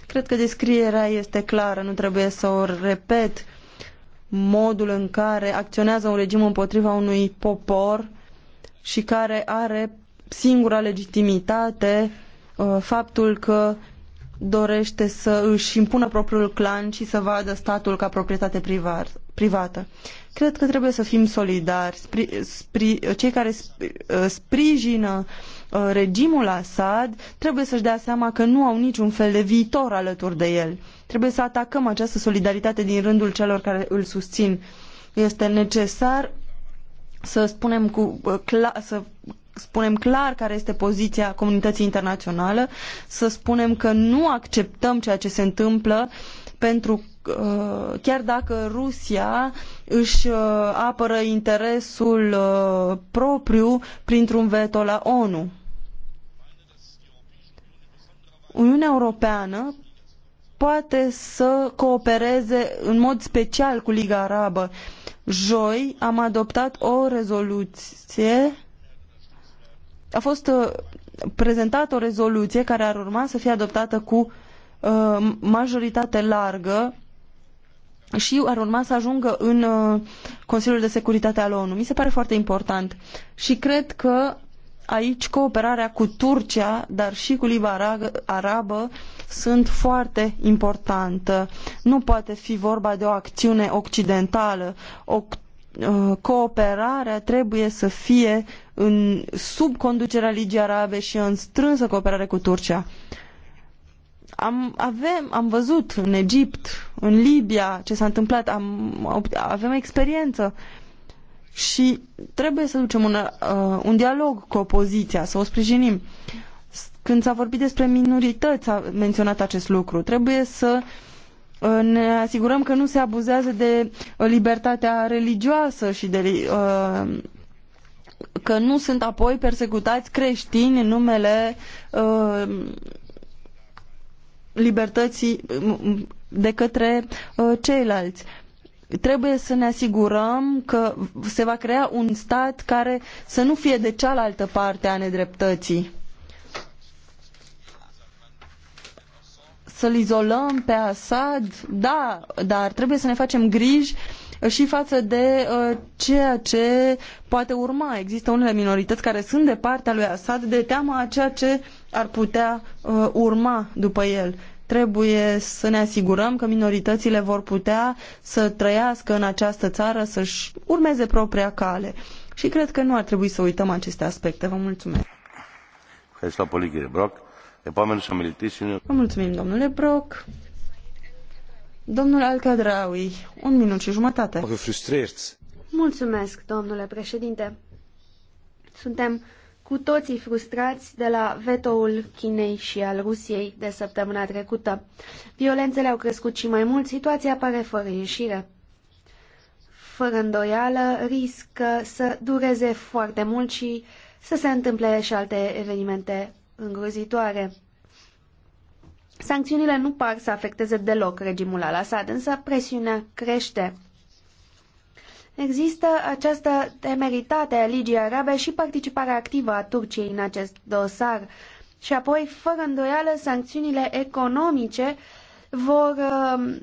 cred că descrierea este clară, nu trebuie să o repet. Modul în care acționează un regim împotriva unui popor și care are singura legitimitate uh, faptul că dorește să își impună propriul clan și să vadă statul ca proprietate privar, privată. Cred că trebuie să fim solidari. Spri, spri, cei care uh, sprijină uh, regimul Assad trebuie să-și dea seama că nu au niciun fel de viitor alături de el. Trebuie să atacăm această solidaritate din rândul celor care îl susțin. Este necesar să spunem cu, uh, să spunem clar care este poziția comunității internaționale, să spunem că nu acceptăm ceea ce se întâmplă pentru uh, chiar dacă Rusia își uh, apără interesul uh, propriu printr-un veto la ONU. Uniunea Europeană poate să coopereze în mod special cu Liga Arabă. Joi am adoptat o rezoluție a fost uh, prezentată o rezoluție care ar urma să fie adoptată cu uh, majoritate largă și ar urma să ajungă în uh, Consiliul de Securitate al ONU. Mi se pare foarte important și cred că aici cooperarea cu Turcia, dar și cu Liba Arabă sunt foarte importante. Nu poate fi vorba de o acțiune occidentală. Uh, cooperarea trebuie să fie în, sub conducerea Ligii Arabe și în strânsă cooperare cu Turcia. Am, avem, am văzut în Egipt, în Libia, ce s-a întâmplat, am, avem experiență și trebuie să ducem un, uh, un dialog cu opoziția, să o sprijinim. Când s-a vorbit despre minorități, a menționat acest lucru. Trebuie să uh, ne asigurăm că nu se abuzează de uh, libertatea religioasă și de uh, că nu sunt apoi persecutați creștini în numele uh, libertății de către ceilalți trebuie să ne asigurăm că se va crea un stat care să nu fie de cealaltă parte a nedreptății. să-l izolăm pe Assad, da, dar trebuie să ne facem griji și față de uh, ceea ce poate urma. Există unele minorități care sunt de partea lui Assad de teama a ceea ce ar putea uh, urma după el. Trebuie să ne asigurăm că minoritățile vor putea să trăiască în această țară, să-și urmeze propria cale. Și cred că nu ar trebui să uităm aceste aspecte. Vă mulțumesc. Mulțumesc, Brock mulțumim, domnule Domnul Alcadraui, un minut și jumătate. Mulțumesc, domnule președinte. Suntem cu toții frustrați de la vetoul Chinei și al Rusiei de săptămâna trecută. Violențele au crescut și mai mult, situația pare fără ieșire. Fără îndoială, riscă să dureze foarte mult și să se întâmple și alte evenimente îngrozitoare. Sancțiunile nu par să afecteze deloc regimul al-Assad, însă presiunea crește. Există această temeritate a Ligii Arabe și participarea activă a Turciei în acest dosar. Și apoi, fără îndoială, sancțiunile economice vor uh,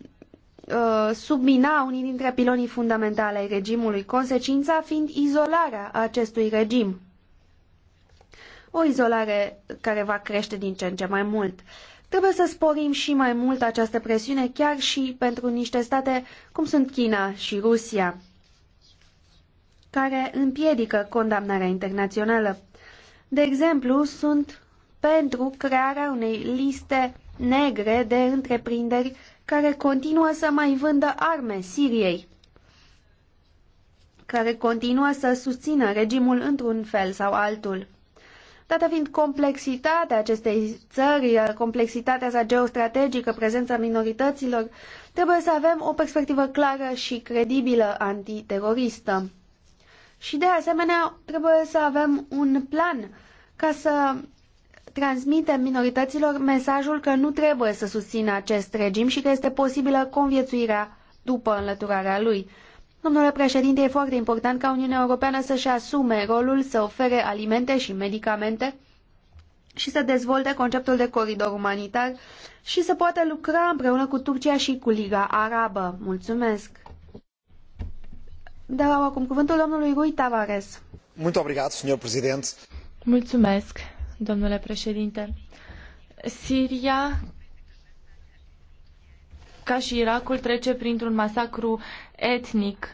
uh, submina unii dintre pilonii fundamentale ai regimului, consecința fiind izolarea acestui regim o izolare care va crește din ce în ce mai mult. Trebuie să sporim și mai mult această presiune chiar și pentru niște state cum sunt China și Rusia, care împiedică condamnarea internațională. De exemplu, sunt pentru crearea unei liste negre de întreprinderi care continuă să mai vândă arme Siriei, care continuă să susțină regimul într-un fel sau altul. Dată fiind complexitatea acestei țări, complexitatea sa geostrategică, prezența minorităților, trebuie să avem o perspectivă clară și credibilă antiteroristă. Și de asemenea, trebuie să avem un plan ca să transmitem minorităților mesajul că nu trebuie să susțină acest regim și că este posibilă conviețuirea după înlăturarea lui. Domnule președinte, e foarte important ca Uniunea Europeană să-și asume rolul să ofere alimente și medicamente și să dezvolte conceptul de coridor umanitar și să poată lucra împreună cu Turcia și cu Liga Arabă. Mulțumesc! Dar acum cuvântul domnului Rui Tavares. Muito obrigado, senhor presidente. Mulțumesc, domnule președinte. Siria ca și Irakul, trece printr-un masacru etnic.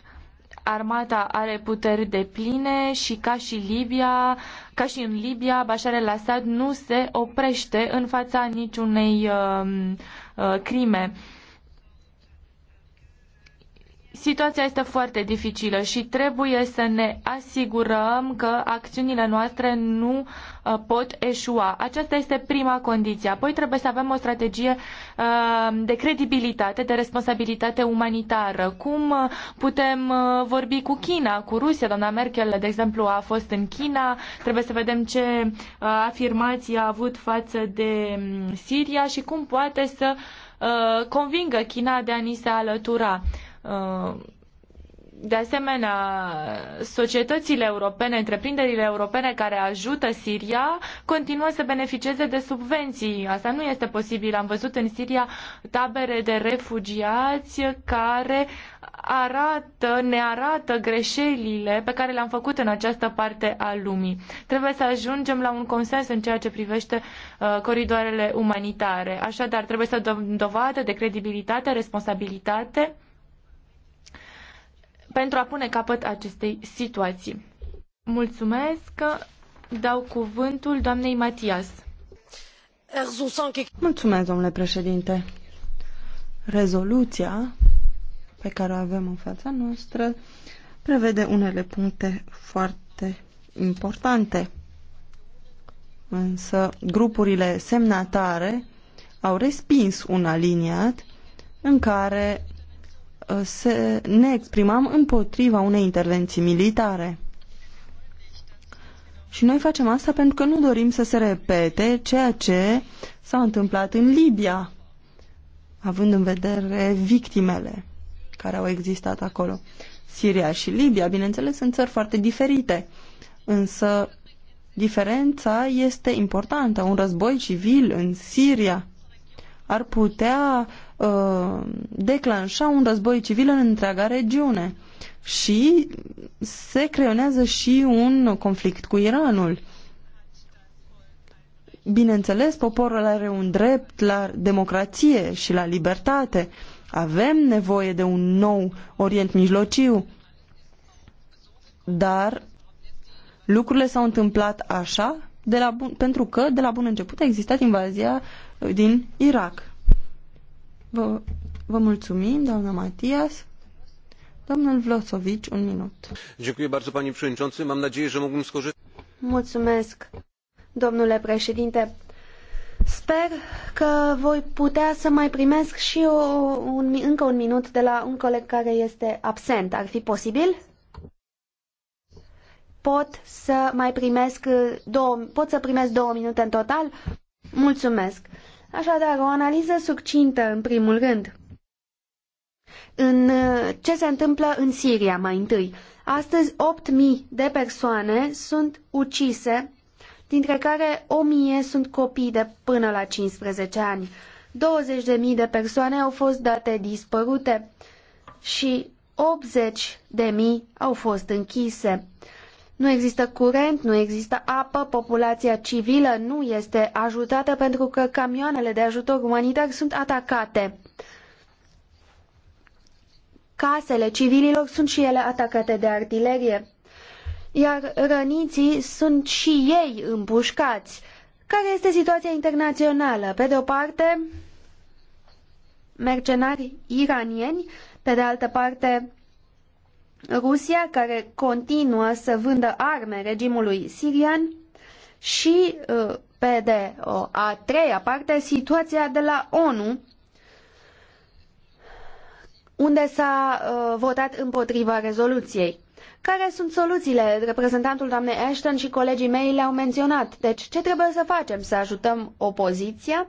Armata are puteri de pline și ca și Libia, ca și în Libia, Bashar al assad nu se oprește în fața niciunei uh, uh, crime. Uh, Situația este foarte dificilă și trebuie să ne asigurăm că acțiunile noastre nu uh, pot eșua. Aceasta este prima condiție. Apoi trebuie să avem o strategie uh, de credibilitate, de responsabilitate umanitară. Cum uh, putem vorbi cu China, cu Rusia? Doamna Merkel, de exemplu, a fost în China. Trebuie să vedem ce afirmații a avut față de um, Siria și cum poate să convingă China de a ni se alătura. Uh, de asemenea, societățile europene, întreprinderile europene care ajută Siria continuă să beneficieze de subvenții. Asta nu este posibil. Am văzut în Siria tabere de refugiați care arată, ne arată greșelile pe care le-am făcut în această parte a lumii. Trebuie să ajungem la un consens în ceea ce privește uh, coridoarele umanitare. Așadar, trebuie să dăm dovadă de credibilitate, responsabilitate pentru a pune capăt acestei situații. Mulțumesc. Dau cuvântul doamnei Matias. Mulțumesc, domnule președinte. Rezoluția pe care o avem în fața noastră prevede unele puncte foarte importante. Însă grupurile semnatare au respins un aliniat în care Uh, se, ne exprimam împotriva unei intervenții militare. Și noi facem asta pentru că nu dorim să se repete ceea ce s-a întâmplat în Libia, având în vedere victimele care au existat acolo. Siria și Libia, bineînțeles, sunt țări foarte diferite, însă diferența este importantă. Un război civil în Siria ar putea uh, declanșa un război civil în întreaga regiune. Și se creionează și un conflict cu Iranul. Bineînțeles, poporul are un drept la democrație și la libertate. Avem nevoie de un nou Orient Mijlociu. Dar lucrurile s-au întâmplat așa de la bun, pentru că de la bun început a existat invazia din Irak. Vă, vă mulțumim, doamna Matias. Domnul Vlosovici, un minut. Mulțumesc, domnule președinte. Sper că voi putea să mai primesc și o, un, încă un minut de la un coleg care este absent. Ar fi posibil? Pot să mai primesc eh, două, pot să primesc două minute în total? Mulțumesc. Așadar, o analiză succintă în primul rând. În uh, ce se întâmplă în Siria mai întâi. Astăzi 8.000 de persoane sunt ucise, dintre care 1.000 sunt copii de până la 15 ani. 20.000 de persoane au fost date dispărute și 80.000 au fost închise. Nu există curent, nu există apă, populația civilă nu este ajutată pentru că camioanele de ajutor umanitar sunt atacate. Casele civililor sunt și ele atacate de artilerie. Iar răniții sunt și ei împușcați. Care este situația internațională? Pe de o parte, mercenari iranieni, pe de altă parte, Rusia, care continuă să vândă arme regimului sirian și, uh, pe de o uh, a treia parte, situația de la ONU, unde s-a uh, votat împotriva rezoluției. Care sunt soluțiile? Reprezentantul doamnei Ashton și colegii mei le-au menționat. Deci, ce trebuie să facem? Să ajutăm opoziția?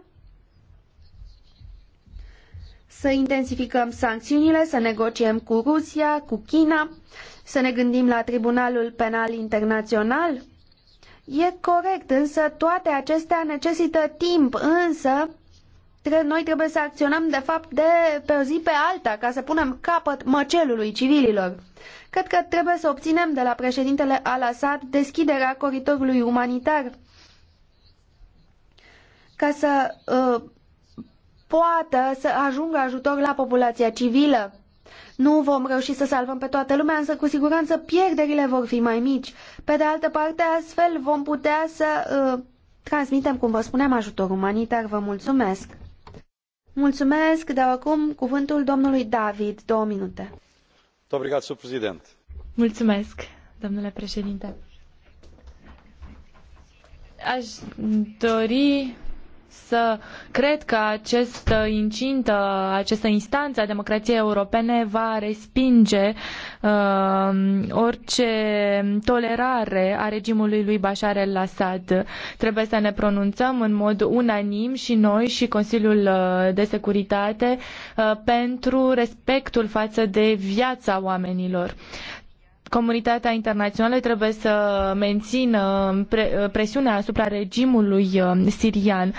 să intensificăm sancțiunile, să negociem cu Rusia, cu China, să ne gândim la Tribunalul Penal Internațional? E corect, însă toate acestea necesită timp, însă noi trebuie să acționăm de fapt de pe o zi pe alta ca să punem capăt măcelului civililor. Cred că trebuie să obținem de la președintele Al-Assad deschiderea coridorului umanitar ca să uh, poată să ajungă ajutor la populația civilă. Nu vom reuși să salvăm pe toată lumea, însă cu siguranță pierderile vor fi mai mici. Pe de altă parte, astfel vom putea să uh, transmitem, cum vă spuneam, ajutor umanitar. Vă mulțumesc! Mulțumesc, dar acum cuvântul domnului David, două minute. Mulțumesc, domnule președinte. Aș dori să cred că această uh, incintă, uh, această instanță a democrației europene va respinge uh, orice tolerare a regimului lui Bashar al-Assad. Trebuie să ne pronunțăm în mod unanim și noi și Consiliul uh, de Securitate uh, pentru respectul față de viața oamenilor comunitatea internațională trebuie să mențină presiunea asupra regimului uh, sirian.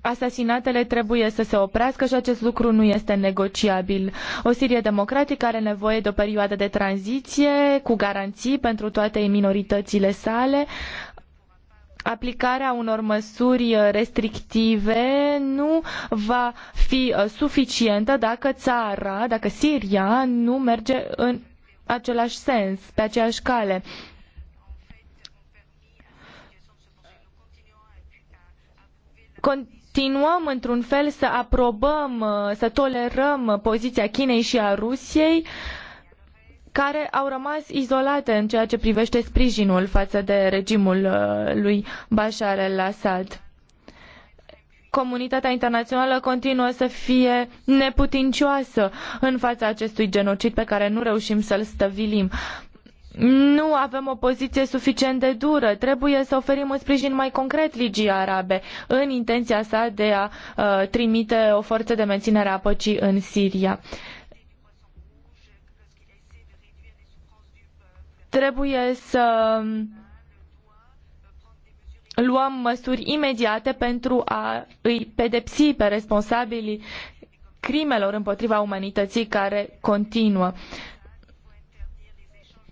Asasinatele trebuie să se oprească și acest lucru nu este negociabil. O Sirie democratică are nevoie de o perioadă de tranziție cu garanții pentru toate minoritățile sale. Aplicarea unor măsuri restrictive nu va fi uh, suficientă dacă țara, dacă Siria nu merge în același sens, pe aceeași cale. Continuăm într-un fel să aprobăm, să tolerăm poziția Chinei și a Rusiei, care au rămas izolate în ceea ce privește sprijinul față de regimul uh, lui Bashar al-Assad comunitatea internațională continuă să fie neputincioasă în fața acestui genocid pe care nu reușim să-l stăvilim. Nu avem o poziție suficient de dură. Trebuie să oferim un sprijin mai concret Ligii Arabe în intenția sa de a uh, trimite o forță de menținere a păcii în Siria. Trebuie să um, luăm măsuri imediate pentru a îi pedepsi pe responsabilii crimelor împotriva umanității care continuă.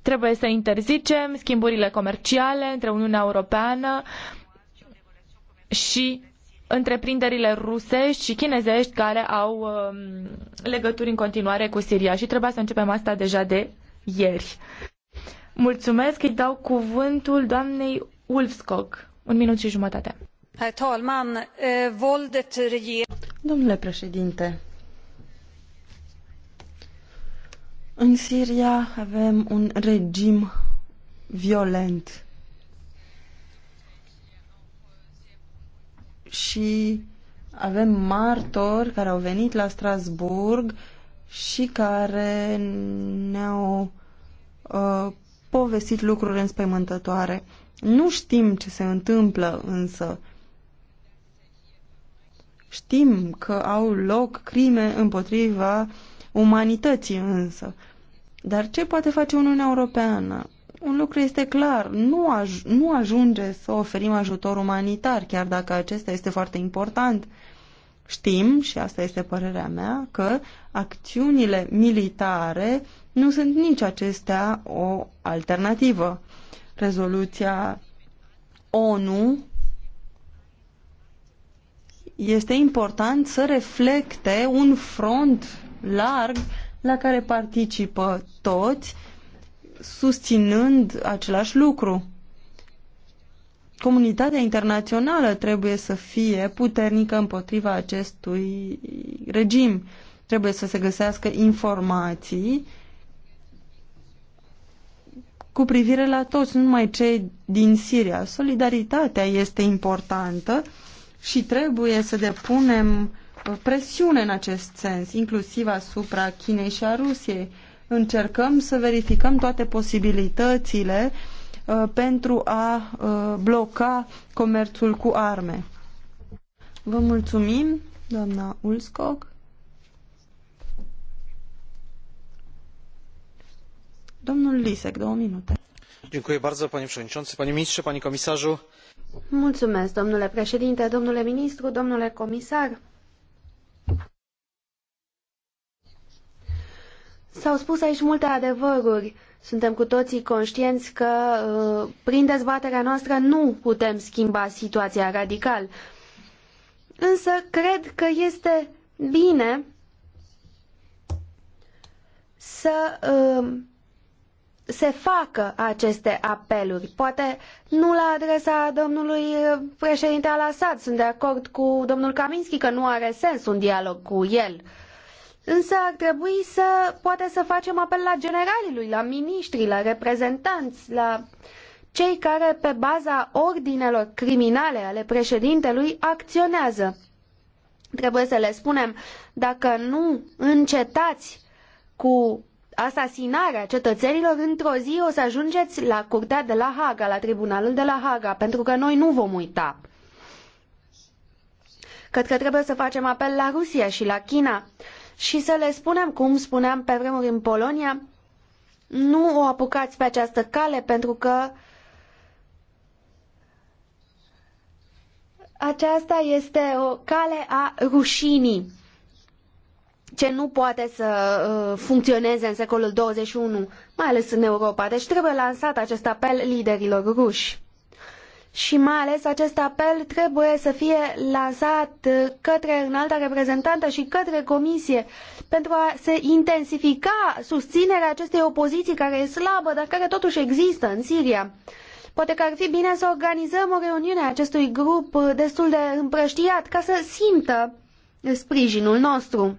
Trebuie să interzicem schimburile comerciale între Uniunea Europeană și întreprinderile rusești și chinezești care au um, legături în continuare cu Siria și trebuia să începem asta deja de ieri. Mulțumesc, îi dau cuvântul doamnei Ulfskog. Un minut și jumătate. talman, eh, Domnule președinte, în Siria avem un regim violent și avem martori care au venit la Strasburg și care ne-au uh, povestit lucruri înspăimântătoare. Nu știm ce se întâmplă însă. Știm că au loc crime împotriva umanității însă. Dar ce poate face Uniunea Europeană? Un lucru este clar, nu, aj- nu ajunge să oferim ajutor umanitar, chiar dacă acesta este foarte important. Știm, și asta este părerea mea, că acțiunile militare nu sunt nici acestea o alternativă rezoluția ONU, este important să reflecte un front larg la care participă toți, susținând același lucru. Comunitatea internațională trebuie să fie puternică împotriva acestui regim. Trebuie să se găsească informații cu privire la toți, nu numai cei din Siria. Solidaritatea este importantă și trebuie să depunem uh, presiune în acest sens, inclusiv asupra Chinei și a Rusiei. Încercăm să verificăm toate posibilitățile uh, pentru a uh, bloca comerțul cu arme. Vă mulțumim, doamna Ulscoc. Domnul Lisek, două minute. panie przewodniczący, panie ministrze, panie komisarzu. Mulțumesc, domnule președinte, domnule ministru, domnule comisar. S-au spus aici multe adevăruri. Suntem cu toții conștienți că uh, prin dezbaterea noastră nu putem schimba situația radical. Însă cred că este bine să uh, se facă aceste apeluri. Poate nu la adresa domnului președinte al-Assad. Sunt de acord cu domnul Kaminski că nu are sens un dialog cu el. Însă ar trebui să poate să facem apel la generalii lui, la miniștri, la reprezentanți, la cei care pe baza ordinelor criminale ale președintelui acționează. Trebuie să le spunem, dacă nu încetați cu asasinarea cetățenilor, într-o zi o să ajungeți la curtea de la Haga, la tribunalul de la Haga, pentru că noi nu vom uita. Cred că trebuie să facem apel la Rusia și la China și să le spunem, cum spuneam pe vremuri în Polonia, nu o apucați pe această cale pentru că aceasta este o cale a rușinii ce nu poate să uh, funcționeze în secolul 21, mai ales în Europa. Deci trebuie lansat acest apel liderilor ruși. Și mai ales acest apel trebuie să fie lansat uh, către înalta reprezentantă și către comisie pentru a se intensifica susținerea acestei opoziții care e slabă, dar care totuși există în Siria. Poate că ar fi bine să organizăm o reuniune a acestui grup uh, destul de împrăștiat ca să simtă sprijinul nostru.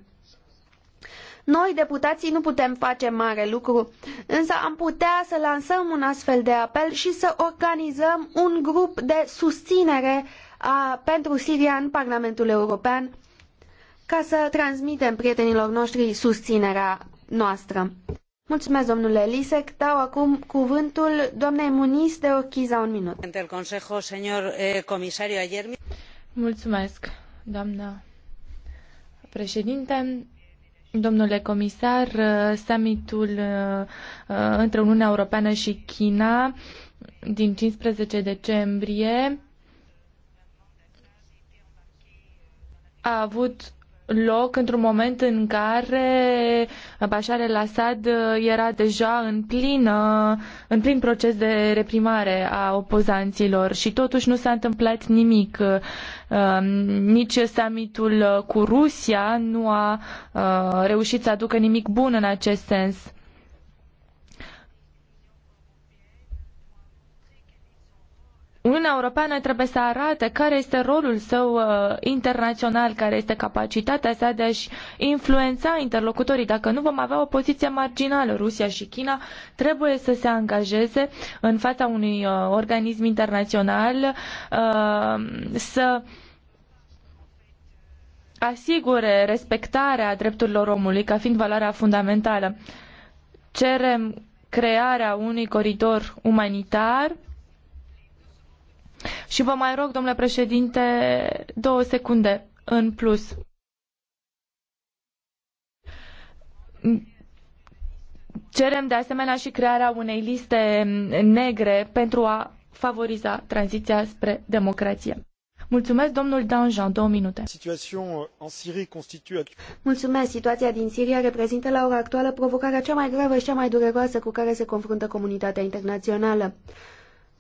Noi, deputații, nu putem face mare lucru, însă am putea să lansăm un astfel de apel și să organizăm un grup de susținere a, pentru Siria în Parlamentul European ca să transmitem prietenilor noștri susținerea noastră. Mulțumesc, domnule Lisek. Dau acum cuvântul doamnei Muniz de Ochiza, un minut. Eh, Mulțumesc, doamnă președinte. Domnule comisar, summitul uh, între Uniunea Europeană și China din 15 decembrie a avut loc într-un moment în care Bashar al-Assad uh, era deja în, plină, în plin proces de reprimare a opozanților și totuși nu s-a întâmplat nimic. Uh, um, nici summitul uh, cu Rusia nu a reușit să aducă nimic bun în acest sens. Uniunea Europeană trebuie să arate care este rolul său uh, internațional, care este capacitatea sa de a-și influența interlocutorii. Dacă nu vom avea o poziție marginală, Rusia și China trebuie să se angajeze în fața unui uh, organism internațional uh, să asigure respectarea drepturilor omului ca fiind valoarea fundamentală. Cerem crearea unui coridor umanitar și vă mai rog, domnule președinte, două secunde în plus. Cerem de asemenea și crearea unei liste negre pentru a favoriza tranziția spre democrație. Mulțumesc, domnul Danjean, două minute. Mulțumesc. Situația din Siria reprezintă la ora actuală provocarea cea mai gravă și cea mai dureroasă cu care se confruntă comunitatea internațională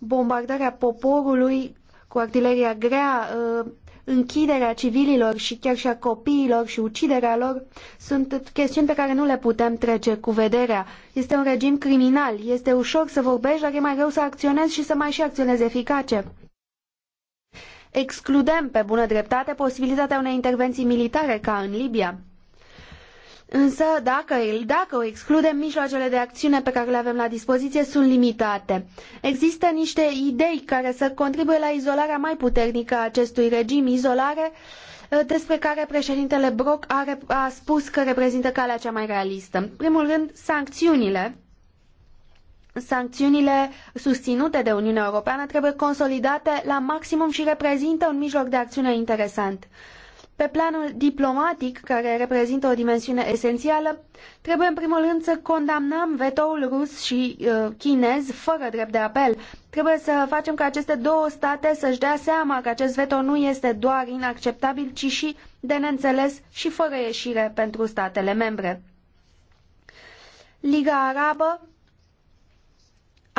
bombardarea poporului cu artileria grea, uh, închiderea civililor și chiar și a copiilor și uciderea lor sunt chestiuni pe care nu le putem trece cu vederea. Este un regim criminal, este ușor să vorbești, dar e mai greu să acționezi și să mai și acționezi eficace. Excludem pe bună dreptate posibilitatea unei intervenții militare ca în Libia. Însă, dacă, dacă o excludem, mijloacele de acțiune pe care le avem la dispoziție sunt limitate. Există niște idei care să contribuie la izolarea mai puternică a acestui regim, izolare ă, despre care președintele Brok a, a spus că reprezintă calea cea mai realistă. În primul rând, sancțiunile Sancțiunile susținute de Uniunea Europeană trebuie consolidate la maximum și reprezintă un mijloc de acțiune interesant. Pe planul diplomatic, care reprezintă o dimensiune esențială, trebuie în primul rând să condamnăm vetoul rus și uh, chinez fără drept de apel. Trebuie să facem ca aceste două state să-și dea seama că acest veto nu este doar inacceptabil, ci și de neînțeles și fără ieșire pentru statele membre. Liga Arabă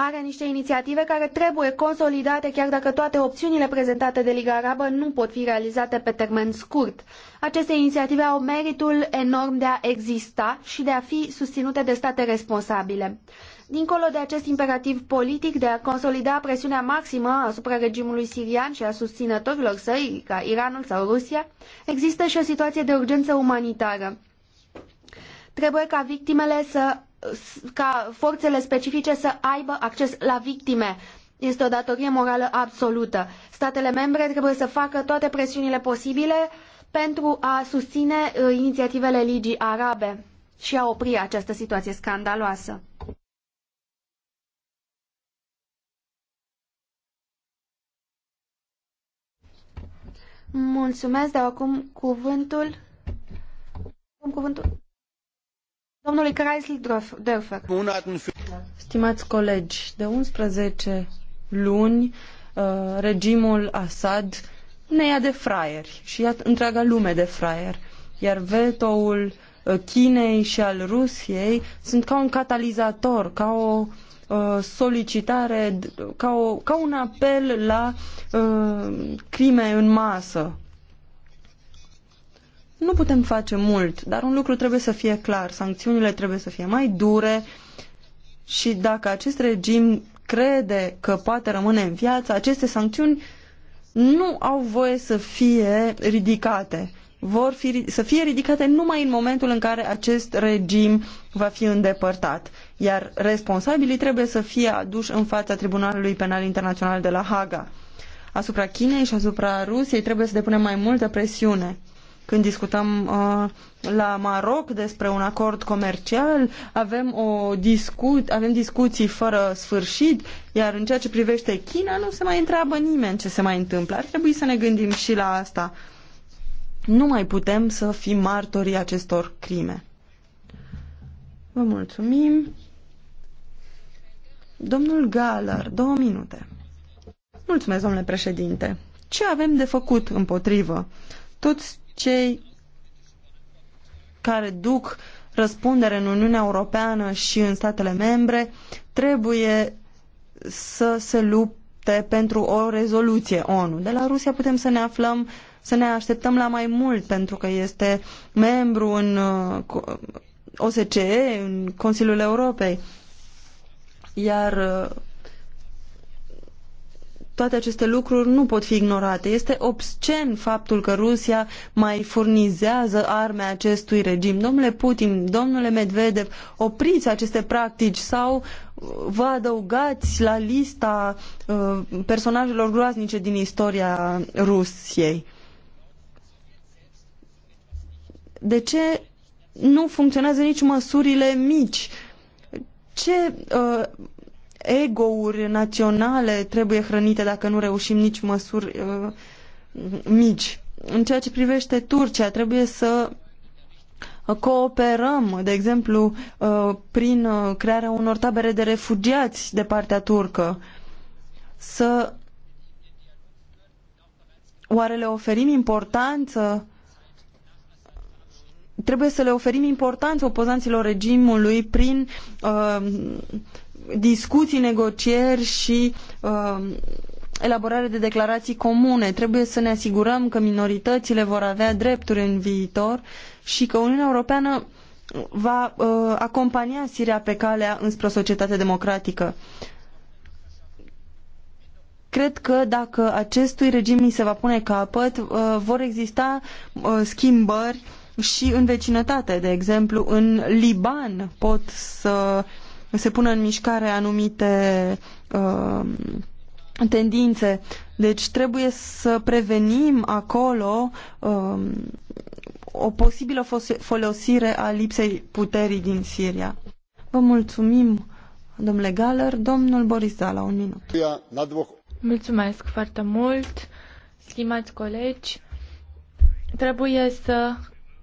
are niște inițiative care trebuie consolidate, chiar dacă toate opțiunile prezentate de Liga Arabă nu pot fi realizate pe termen scurt. Aceste inițiative au meritul enorm de a exista și de a fi susținute de state responsabile. Dincolo de acest imperativ politic de a consolida presiunea maximă asupra regimului sirian și a susținătorilor săi, ca Iranul sau Rusia, există și o situație de urgență umanitară. Trebuie ca victimele să ca forțele specifice să aibă acces la victime. Este o datorie morală absolută. Statele membre trebuie să facă toate presiunile posibile pentru a susține uh, inițiativele Ligii Arabe și a opri această situație scandaloasă. Mulțumesc, dar acum cuvântul. Acum cuvântul. Stimați colegi, de 11 luni uh, regimul Assad ne ia de fraieri și ia întreaga lume de fraieri. Iar vetoul uh, Chinei și al Rusiei sunt ca un catalizator, ca o uh, solicitare, ca, o, ca un apel la crime în masă. Nu putem face mult, dar un lucru trebuie să fie clar. Sancțiunile trebuie să fie mai dure și dacă acest regim crede că poate rămâne în viață, aceste sancțiuni nu au voie să fie ridicate. Vor fi, să fie ridicate numai în momentul în care acest regim va fi îndepărtat. Iar responsabilii trebuie să fie aduși în fața Tribunalului Penal Internațional de la Haga. Asupra Chinei și asupra Rusiei trebuie să depunem mai multă presiune. Când discutăm uh, la Maroc despre un acord comercial, avem, o discu- avem discuții fără sfârșit, iar în ceea ce privește China nu se mai întreabă nimeni ce se mai întâmplă. Ar trebui să ne gândim și la asta. Nu mai putem să fim martorii acestor crime. Vă mulțumim. Domnul Galar, două minute. Mulțumesc, domnule președinte. Ce avem de făcut împotrivă? Toți cei care duc răspundere în Uniunea Europeană și în statele membre trebuie să se lupte pentru o rezoluție ONU. De la Rusia putem să ne aflăm, să ne așteptăm la mai mult pentru că este membru în uh, OSCE, în Consiliul Europei. Iar uh, toate aceste lucruri nu pot fi ignorate. Este obscen faptul că Rusia mai furnizează arme acestui regim. Domnule Putin, domnule Medvedev, opriți aceste practici sau uh, vă adăugați la lista uh, personajelor groaznice din istoria Rusiei. De ce nu funcționează nici măsurile mici? Ce uh, ego-uri naționale trebuie hrănite dacă nu reușim nici măsuri uh, mici. În ceea ce privește Turcia, trebuie să cooperăm, de exemplu, uh, prin uh, crearea unor tabere de refugiați de partea turcă. Să oare le oferim importanță trebuie să le oferim importanță opozanților regimului prin uh, discuții, negocieri și uh, elaborare de declarații comune. Trebuie să ne asigurăm că minoritățile vor avea drepturi în viitor și că Uniunea Europeană va uh, acompania Siria pe calea înspre o societate democratică. Cred că dacă acestui regim ni se va pune capăt, uh, vor exista uh, schimbări și în vecinătate, de exemplu, în Liban pot să se pună în mișcare anumite uh, tendințe. Deci trebuie să prevenim acolo uh, o posibilă folosire a lipsei puterii din Siria. Vă mulțumim, domnule Galer. Domnul Boris Zala, un minut. Mulțumesc foarte mult, stimați colegi. Trebuie să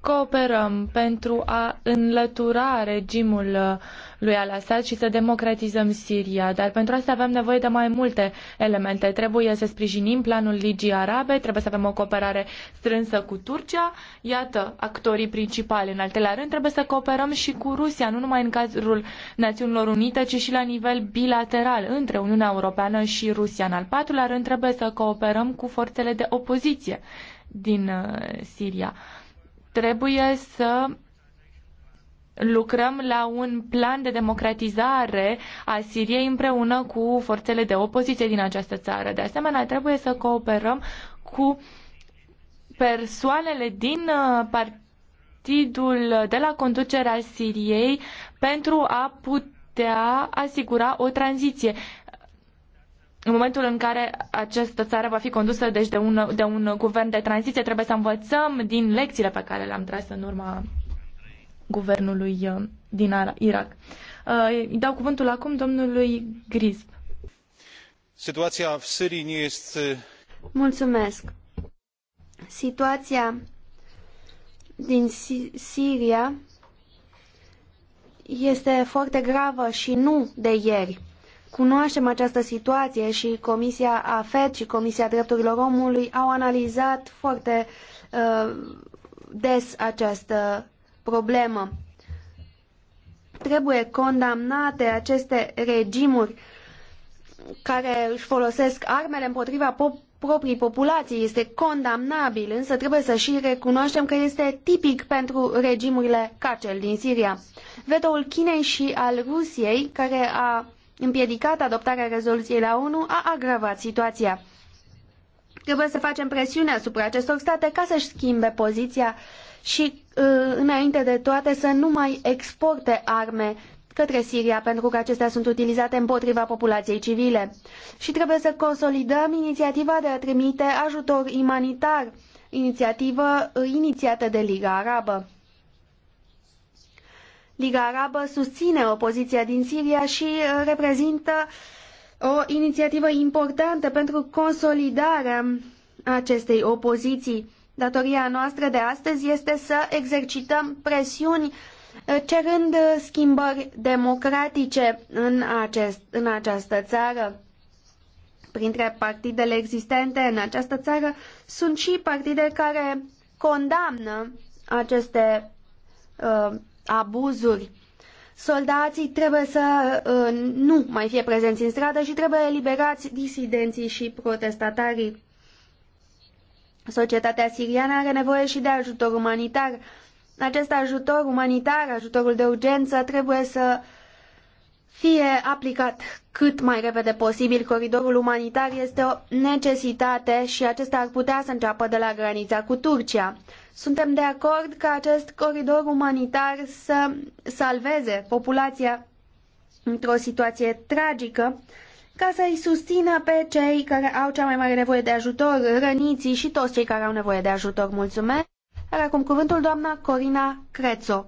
cooperăm pentru a înlătura regimul uh, lui Al-Assad și să democratizăm Siria, dar pentru asta avem nevoie de mai multe elemente. Trebuie să sprijinim planul Ligii Arabe, trebuie să avem o cooperare strânsă cu Turcia. Iată, actorii principali. În al treilea rând, trebuie să cooperăm și cu Rusia, nu numai în cadrul Națiunilor Unite, ci și la nivel bilateral între Uniunea Europeană și Rusia. În al patrulea rând, trebuie să cooperăm cu forțele de opoziție din uh, Siria. Trebuie să lucrăm la un plan de democratizare a Siriei împreună cu forțele de opoziție din această țară. De asemenea, trebuie să cooperăm cu persoanele din uh, partidul de la conducerea Siriei pentru a putea asigura o tranziție în momentul în care această țară va fi condusă deci, de, un, de un guvern de tranziție, trebuie să învățăm din lecțiile pe care le-am tras în urma guvernului uh, din Irak. Uh, îi dau cuvântul acum domnului Grisp. Situația în Sirii nu este... Mulțumesc. Situația din Siria este foarte gravă și nu de ieri. Cunoaștem această situație și Comisia AFET și Comisia Drepturilor Omului au analizat foarte uh, des această problemă. Trebuie condamnate aceste regimuri care își folosesc armele împotriva pop- proprii populații. Este condamnabil, însă trebuie să și recunoaștem că este tipic pentru regimurile ca cel din Siria. Vetoul Chinei și al Rusiei, care a împiedicat adoptarea rezoluției la ONU a agravat situația. Trebuie să facem presiune asupra acestor state ca să-și schimbe poziția și, uh, înainte de toate, să nu mai exporte arme către Siria, pentru că acestea sunt utilizate împotriva populației civile. Și trebuie să consolidăm inițiativa de a trimite ajutor umanitar, inițiativă uh, inițiată de Liga Arabă. Liga Arabă susține opoziția din Siria și uh, reprezintă o inițiativă importantă pentru consolidarea acestei opoziții. Datoria noastră de astăzi este să exercităm presiuni uh, cerând schimbări democratice în, acest, în această țară. Printre partidele existente în această țară sunt și partide care condamnă aceste uh, abuzuri. Soldații trebuie să uh, nu mai fie prezenți în stradă și trebuie eliberați disidenții și protestatarii. Societatea siriană are nevoie și de ajutor umanitar. Acest ajutor umanitar, ajutorul de urgență, trebuie să uh, fie aplicat cât mai repede posibil. Coridorul umanitar este o necesitate și acesta ar putea să înceapă de la granița cu Turcia. Suntem de acord ca acest coridor umanitar să salveze populația într-o situație tragică ca să-i susțină pe cei care au cea mai mare nevoie de ajutor, răniții și toți cei care au nevoie de ajutor. Mulțumesc! Are acum cuvântul doamna Corina Crețu,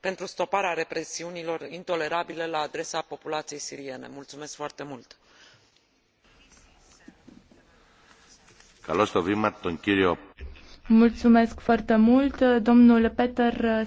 pentru stoparea represiunilor intolerabile la adresa populaiei siriene. foarte mult! Mulțumesc foarte mult, Peter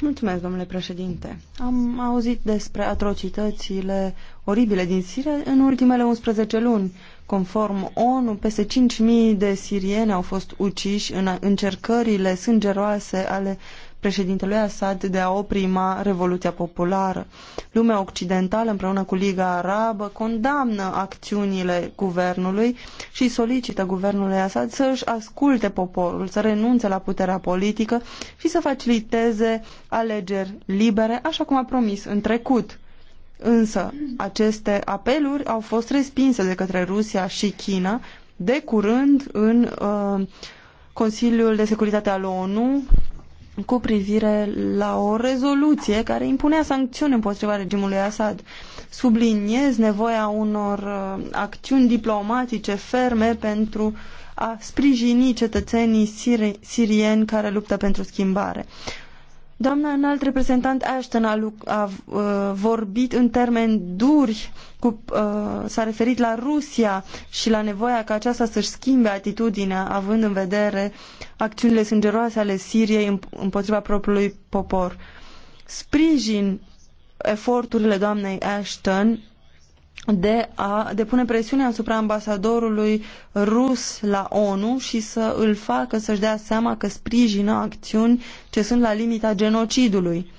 Mulțumesc, domnule președinte. Am auzit despre atrocitățile oribile din Siria în ultimele 11 luni. Conform ONU, peste 5.000 de sirieni au fost uciși în încercările sângeroase ale președintelui Assad de a oprima Revoluția Populară. Lumea occidentală, împreună cu Liga Arabă, condamnă acțiunile guvernului și solicită guvernului Assad să își asculte poporul, să renunțe la puterea politică și să faciliteze alegeri libere, așa cum a promis în trecut. Însă, aceste apeluri au fost respinse de către Rusia și China de curând în uh, Consiliul de Securitate al ONU cu privire la o rezoluție care impunea sancțiuni împotriva regimului Assad. Subliniez nevoia unor uh, acțiuni diplomatice ferme pentru a sprijini cetățenii siri sirieni care luptă pentru schimbare. Doamna înalt reprezentant Ashton a, a uh, vorbit în termeni duri, uh, s-a referit la Rusia și la nevoia ca aceasta să-și schimbe atitudinea, având în vedere uh, acțiunile sângeroase ale Siriei împotriva propriului popor. Sprijin eforturile doamnei Ashton de a depune presiune asupra ambasadorului rus la ONU și să îl facă să-și dea seama că sprijină acțiuni ce sunt la limita genocidului.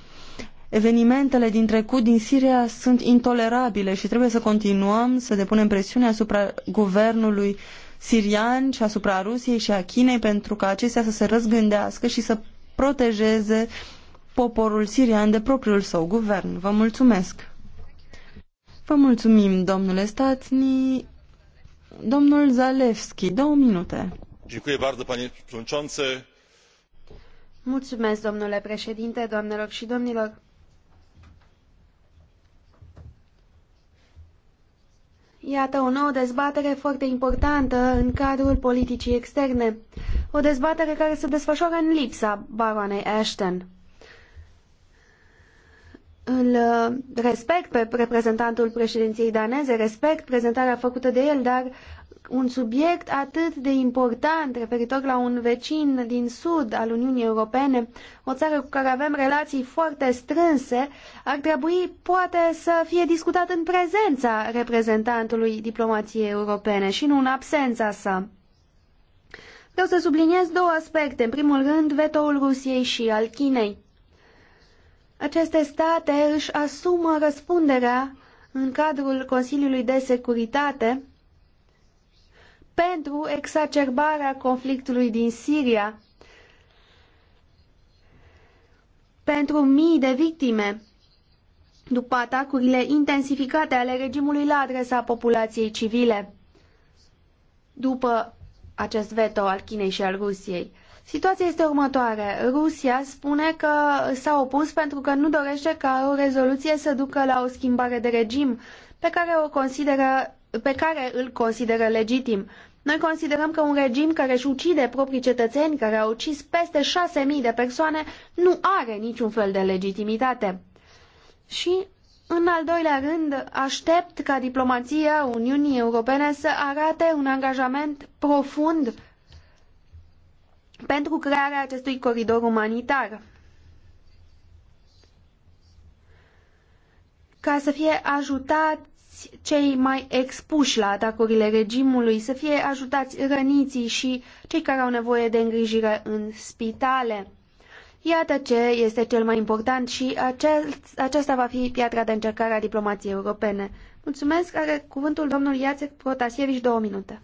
Evenimentele din trecut din Siria sunt intolerabile și trebuie să continuăm să depunem presiune asupra guvernului uh, Sirian și asupra Rusiei și a Chinei pentru ca acestea să se răzgândească și să protejeze poporul sirian de propriul său guvern. Vă mulțumesc! Vă mulțumim, domnule Statni. Domnul Zalewski, două minute. Mulțumesc, domnule președinte, doamnelor și domnilor. Iată o nouă dezbatere foarte importantă în cadrul politicii externe. O dezbatere care se desfășoară în lipsa baroanei Ashton. Îl uh, respect pe reprezentantul președinției daneze, respect prezentarea făcută de el, dar un subiect atât de important referitor la un vecin din sud al Uniunii Europene, o țară cu care avem relații foarte strânse, ar trebui poate să fie discutat în prezența reprezentantului diplomației europene și nu în absența sa. Vreau să subliniez două aspecte. În primul rând, vetoul Rusiei și al Chinei. Aceste state își asumă răspunderea în cadrul Consiliului de Securitate pentru exacerbarea conflictului din Siria, pentru mii de victime după atacurile intensificate ale regimului la adresa populației civile, după acest veto al Chinei și al Rusiei. Situația este următoare. Rusia spune că s-a opus pentru că nu dorește ca o rezoluție să ducă la o schimbare de regim pe care, o consideră, pe care îl consideră legitim. Noi considerăm că un regim care își ucide proprii cetățeni, care au ucis peste 6.000 de persoane, nu are niciun fel de legitimitate. Și, în al doilea rând, aștept ca diplomația Uniunii Europene să arate un angajament profund pentru crearea acestui coridor umanitar. Ca să fie ajutat toți cei mai expuși la atacurile regimului, să fie ajutați răniții și cei care au nevoie de îngrijire în spitale. Iată ce este cel mai important și aceasta va fi piatra de încercare a diplomației europene. Mulțumesc, are cuvântul domnul Iacek Protasievici, două minute.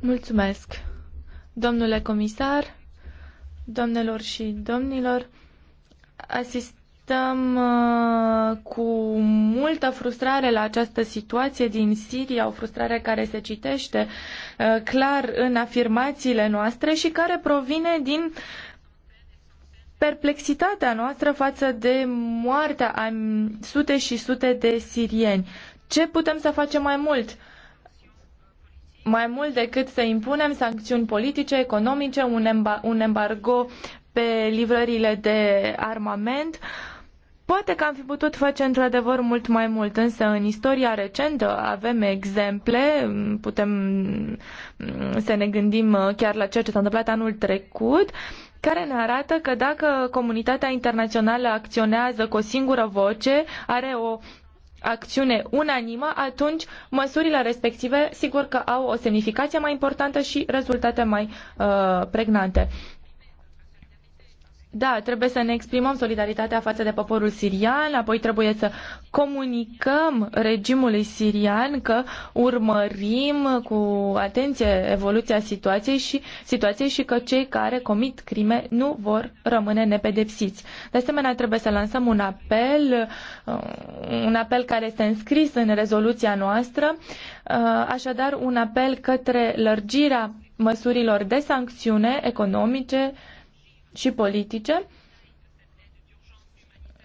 Mulțumesc. Domnule comisar, domnilor și domnilor, asist asistăm uh, cu multă frustrare la această situație din Siria, o frustrare care se citește uh, clar în afirmațiile noastre și care provine din perplexitatea noastră față de moartea a sute și sute de sirieni. Ce putem să facem mai mult? Mai mult decât să impunem sancțiuni politice, economice, un, embargo pe livrările de armament, uh, Poate că am fi putut face într-adevăr mult mai mult, însă în istoria recentă avem exemple, putem mm, să ne gândim uh, chiar la ceea ce s-a întâmplat anul trecut, care ne arată că dacă comunitatea internațională acționează cu o singură voce, are o acțiune unanimă, atunci măsurile respective sigur că au o semnificație mai importantă și rezultate mai uh, pregnante. Da, trebuie să ne exprimăm solidaritatea față de poporul sirian, apoi trebuie să comunicăm regimului sirian că urmărim cu atenție evoluția situației și, situației și că cei care comit crime nu vor rămâne nepedepsiți. De asemenea, trebuie să lansăm un apel, uh, un apel care este înscris în rezoluția noastră, uh, așadar un apel către lărgirea măsurilor de sancțiune economice, și politice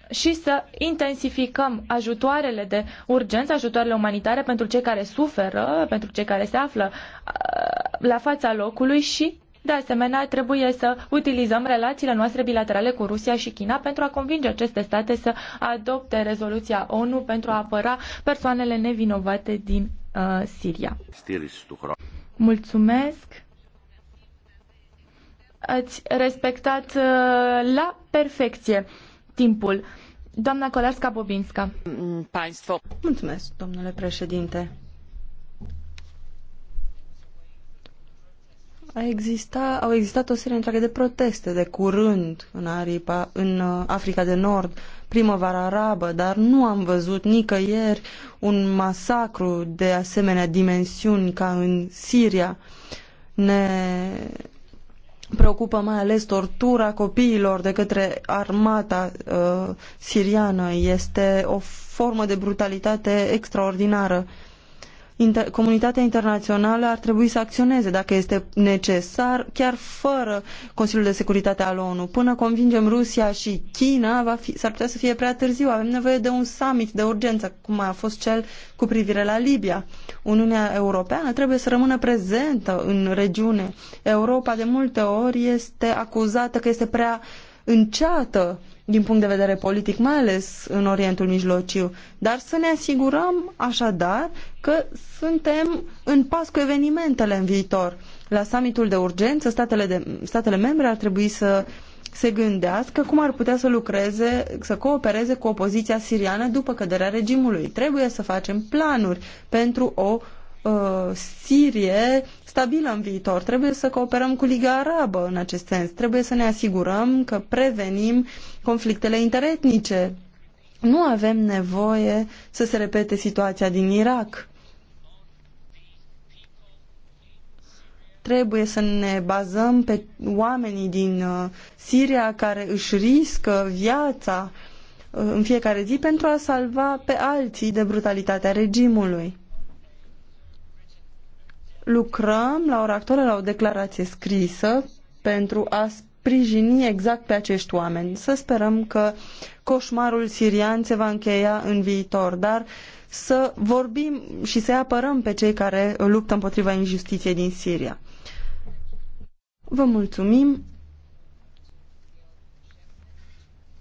și să intensificăm ajutoarele de urgență, ajutoarele umanitare pentru cei care suferă, pentru cei care se află uh, la fața locului și de asemenea, trebuie să utilizăm relațiile noastre bilaterale cu Rusia și China pentru a convinge aceste state să adopte rezoluția ONU pentru a apăra persoanele nevinovate din uh, Siria. Mulțumesc! ați respectat uh, la perfecție timpul. Doamna Kolarska Bobinska. Państwo. Mulțumesc, domnule președinte. A exista, au existat o serie întreagă de proteste de curând în, Aripa, în uh, Africa de Nord, primăvara arabă, dar nu am văzut nicăieri un masacru de asemenea dimensiuni ca în Siria. Ne preocupă mai ales tortura copiilor de către armata uh, siriană. Este o formă de brutalitate extraordinară. Uh, inter comunitatea internațională ar trebui să acționeze dacă este necesar, chiar fără Consiliul de Securitate al ONU. Până convingem Rusia și China, va fi, s-ar putea să fie prea târziu. Avem nevoie de un summit de urgență, cum a fost cel cu privire la Libia. Uniunea Europeană trebuie să rămână prezentă în regiune. Europa de multe ori este acuzată că este prea înceată din punct de vedere politic, mai ales în Orientul Mijlociu. Dar să ne asigurăm așadar că suntem în pas cu evenimentele în viitor. La summitul de urgență, statele, de, statele membre ar trebui să se gândească cum ar putea să lucreze, să coopereze cu opoziția siriană după căderea regimului. Trebuie să facem planuri pentru o uh, Sirie stabilă în viitor. Trebuie să cooperăm cu Liga Arabă în acest sens. Trebuie să ne asigurăm că prevenim conflictele interetnice. Nu avem nevoie să se repete situația din Irak. Trebuie să ne bazăm pe oamenii din uh, Siria care își riscă viața uh, în fiecare zi pentru a salva pe alții de brutalitatea regimului lucrăm la ora actuală la o declarație scrisă pentru a sprijini exact pe acești oameni. Să sperăm că coșmarul sirian se va încheia în viitor, dar să vorbim și să apărăm pe cei care luptă împotriva injustiției din Siria. Vă mulțumim.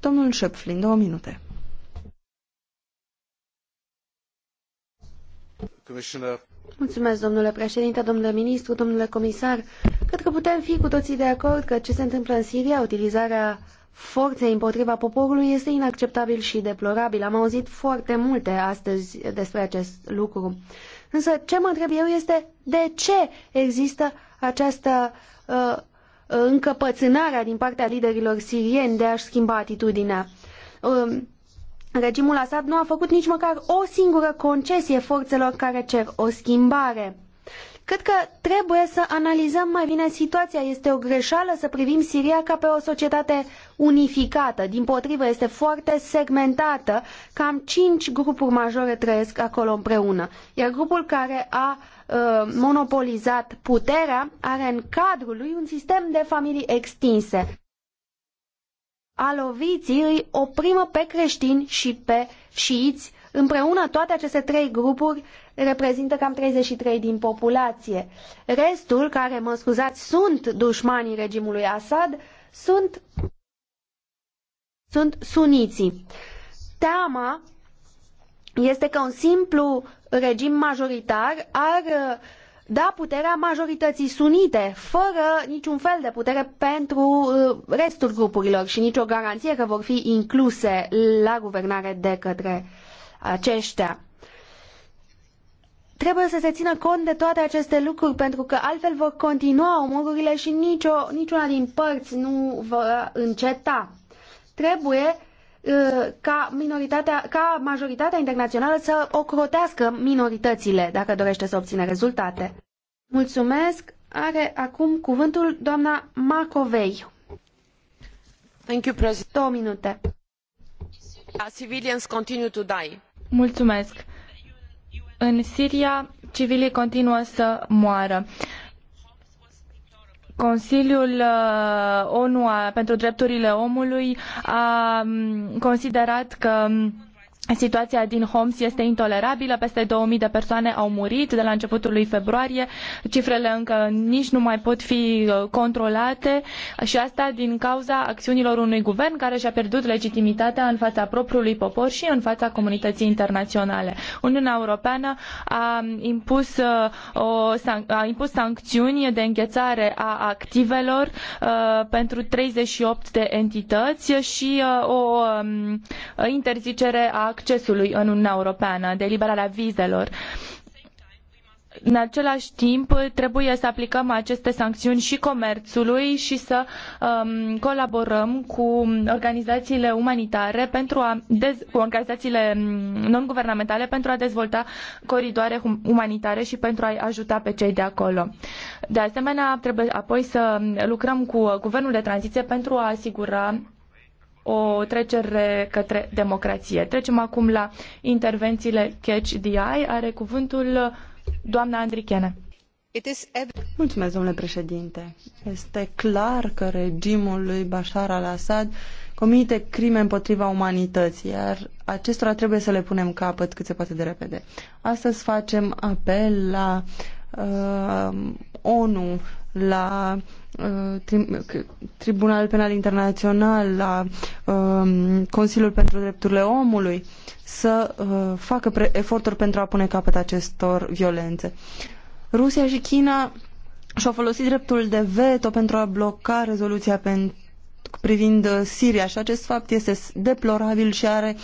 Domnul Șepflin, două minute. Commissioner domnule președinte, domnule ministru, domnule comisar. Cred că putem fi cu toții de acord că ce se întâmplă în Siria, utilizarea forței împotriva poporului, este inacceptabil și deplorabil. Am auzit foarte multe astăzi despre acest lucru. Însă ce mă întreb eu este de ce există această uh, din partea liderilor sirieni de a i schimba atitudinea. Uh, Regimul Assad nu a făcut nici măcar o singură concesie forțelor care cer o schimbare. Cred că trebuie să analizăm mai bine situația. Este o greșeală să privim Siria ca pe o societate unificată. Din potrivă, este foarte segmentată. Cam cinci grupuri majore trăiesc acolo împreună. Iar grupul care a uh, monopolizat puterea are în cadrul lui un sistem de familii extinse aloviții îi oprimă pe creștini și pe șiiți. Împreună toate aceste trei grupuri reprezintă cam 33 din populație. Restul, care, mă scuzați, sunt dușmanii regimului Assad, sunt, sunt suniții. Teama este că un simplu regim majoritar ar uh, da puterea majorității sunite, fără niciun fel de putere pentru uh, restul grupurilor și nicio garanție că vor fi incluse la guvernare de către aceștia. Trebuie să se țină cont de toate aceste lucruri, pentru că altfel vor continua omorurile și nicio, niciuna din părți nu va înceta. Trebuie Uh, ca, minoritatea, ca majoritatea internațională să ocrotească minoritățile dacă dorește să obțină rezultate. Mulțumesc. Are acum cuvântul doamna Macovei. Thank you, President. Două minute. Civilians continue to die. Mulțumesc. În Siria, civilii continuă să moară. Uh, Consiliul uh, ONU pentru Drepturile Omului a mm, considerat că mm, Situația din Homs este intolerabilă, peste 2000 de persoane au murit de la începutul lui februarie, cifrele încă nici nu mai pot fi uh, controlate și asta din cauza acțiunilor unui guvern care și-a pierdut legitimitatea în fața propriului popor și în fața comunității internaționale. Uniunea Europeană a impus, uh, o, a impus sancțiuni de înghețare a activelor uh, pentru 38 de entități și uh, o um, interzicere a accesului în Uniunea Europeană, de eliberarea vizelor. În același timp, trebuie să aplicăm aceste sancțiuni și comerțului și să um, colaborăm cu organizațiile umanitare pentru a cu organizațiile um, non-guvernamentale pentru a dezvolta coridoare umanitare și pentru a-i ajuta pe cei de acolo. De asemenea, trebuie apoi să lucrăm cu guvernul de tranziție pentru a asigura o trecere către democrație. Trecem acum la intervențiile Catch the Eye. Are cuvântul doamna Andrichene. Mulțumesc, domnule președinte. Este clar că regimul lui Bashar al-Assad comite crime împotriva umanității, iar acestora trebuie să le punem capăt cât se poate de repede. Astăzi facem apel la uh, ONU la uh, Tribunal Penal Internațional, la um, Consiliul pentru Drepturile Omului, să uh, facă eforturi pentru a pune capăt acestor violențe. Rusia și China și-au folosit dreptul de veto pentru a bloca rezoluția privind uh, Siria și acest fapt este deplorabil și are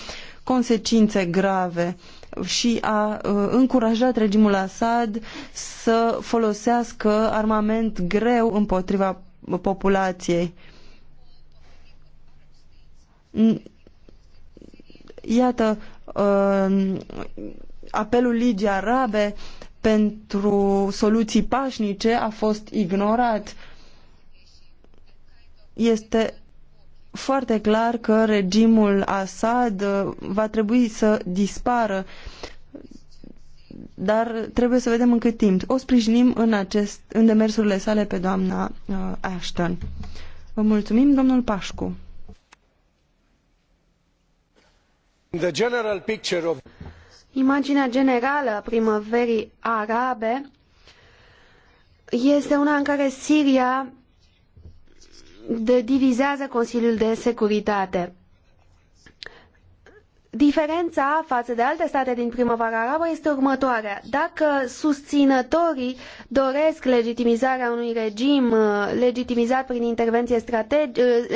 consecințe grave și a uh, încurajat regimul Assad să folosească armament greu împotriva populației. Iată, uh, apelul Ligii Arabe pentru soluții pașnice a fost ignorat. Este foarte clar că regimul Assad uh, va trebui să dispară, dar trebuie să vedem în cât timp. O sprijinim în, acest, în demersurile sale pe doamna uh, Ashton. Vă mulțumim, domnul Pașcu. The general picture of... Imaginea generală a primăverii arabe este una în care Siria de divizează Consiliul de Securitate. Diferența față de alte state din primăvara arabă este următoarea. Dacă susținătorii doresc legitimizarea unui regim uh, legitimizat prin intervenție uh,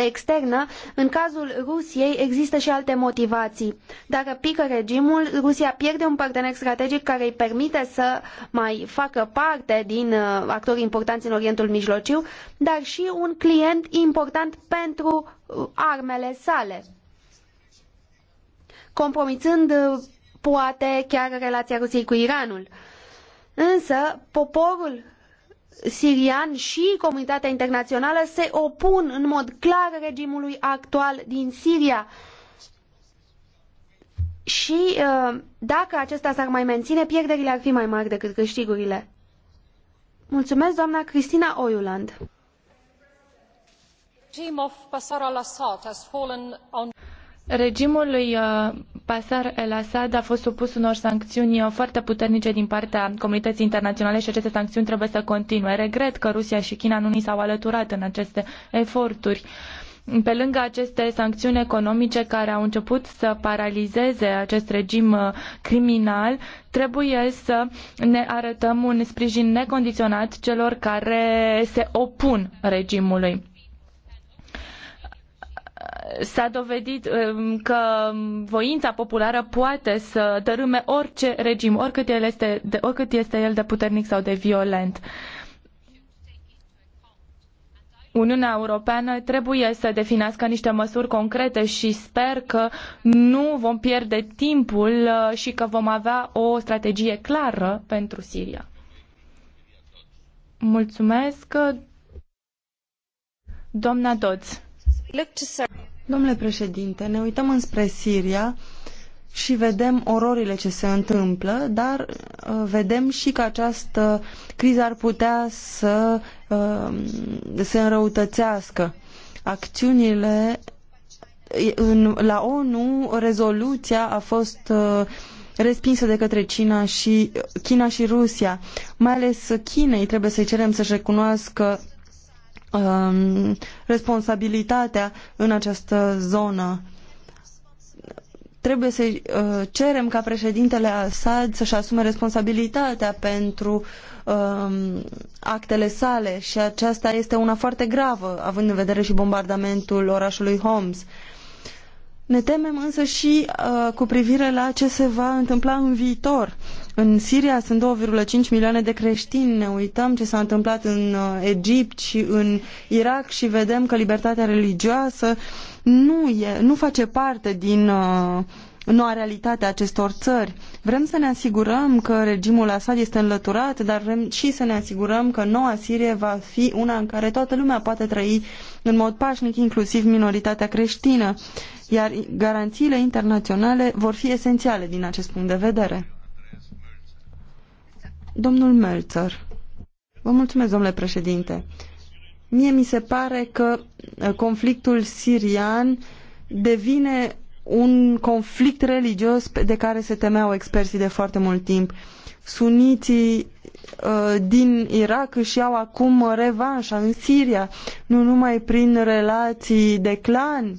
externă, în cazul Rusiei există și alte motivații. Dacă pică regimul, Rusia pierde un partener strategic care îi permite să mai facă parte din uh, actorii importanți în Orientul Mijlociu, dar și un client important pentru armele sale compromițând uh, poate chiar relația Rusiei cu Iranul. Însă, poporul sirian și comunitatea internațională se opun în mod clar regimului actual din Siria. Și uh, dacă acesta s-ar mai menține, pierderile ar fi mai mari decât câștigurile. Mulțumesc, doamna Cristina Oiuland. regime of Bashar al-Assad has fallen on Regimul lui Bashar uh, al assad a fost supus unor sancțiuni uh, foarte puternice din partea comunității internaționale și aceste sancțiuni trebuie să continue. Regret că Rusia și China nu ni s-au alăturat în aceste eforturi. Pe lângă aceste sancțiuni economice care au început să paralizeze acest regim uh, criminal, trebuie să ne arătăm un sprijin necondiționat celor care se opun regimului s-a dovedit um, că voința populară poate să dărâme orice regim, oricât, el este, de, oricât este el de puternic sau de violent. Uniunea Europeană trebuie să definească niște măsuri concrete și sper că nu vom pierde timpul uh, și că vom avea o strategie clară pentru Siria. Mulțumesc, doamna Dodds. Domnule președinte, ne uităm înspre Siria și vedem ororile ce se întâmplă, dar uh, vedem și că această criză ar putea să uh, se înrăutățească. Acțiunile în, la ONU, rezoluția a fost uh, respinsă de către China și, China și Rusia. Mai ales Chinei trebuie să-i cerem să-și recunoască Um, responsabilitatea în această zonă. Trebuie să uh, cerem ca președintele Assad să-și asume responsabilitatea pentru um, actele sale și aceasta este una foarte gravă, având în vedere și bombardamentul orașului Homs. Ne temem însă și uh, cu privire la ce se va întâmpla în viitor. Uh, în Siria sunt 2,5 milioane de creștini. Ne uităm ce s-a întâmplat în uh, Egipt și în Irak și vedem că libertatea religioasă nu, e, nu face parte din uh, noua realitate a acestor țări. Vrem să ne asigurăm că regimul Assad este înlăturat, dar vrem și să ne asigurăm că noua Sirie va fi una în care toată lumea poate trăi în mod pașnic, inclusiv minoritatea creștină, iar garanțiile internaționale vor fi esențiale din acest punct de vedere. Domnul Melzer. Vă mulțumesc, domnule președinte. Mie mi se pare că uh, conflictul sirian devine un conflict religios de care se temeau experții de foarte mult timp. Suniții uh, din Irak își iau acum revanșa în Siria, nu numai prin relații de clan,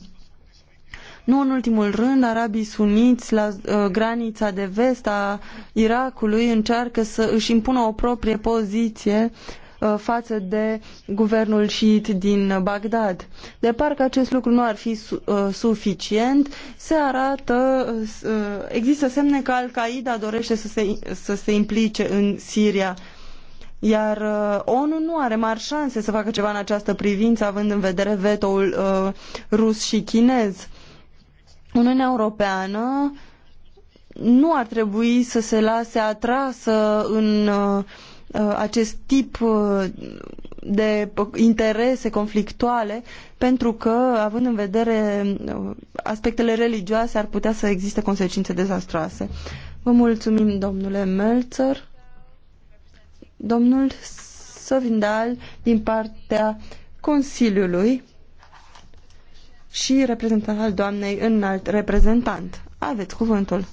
nu în ultimul rând, arabii suniți la uh, granița de vest a Irakului încearcă să își impună o proprie poziție uh, față de guvernul șiit din Bagdad. De parcă acest lucru nu ar fi su uh, suficient, se arată, uh, uh, există semne că Al-Qaeda dorește să se, să se implice în Siria iar ONU nu are mari șanse să facă ceva în această privință, având în vedere vetoul uh, rus și chinez. Uniunea Europeană nu ar trebui să se lase atrasă în uh, acest tip uh, de interese conflictuale, pentru că, având în vedere uh, aspectele religioase, ar putea să existe consecințe dezastroase. Vă mulțumim, domnule Melzer. Domnul Sovindal, din partea Consiliului, și reprezentant al doamnei înalt reprezentant. Aveți cuvântul.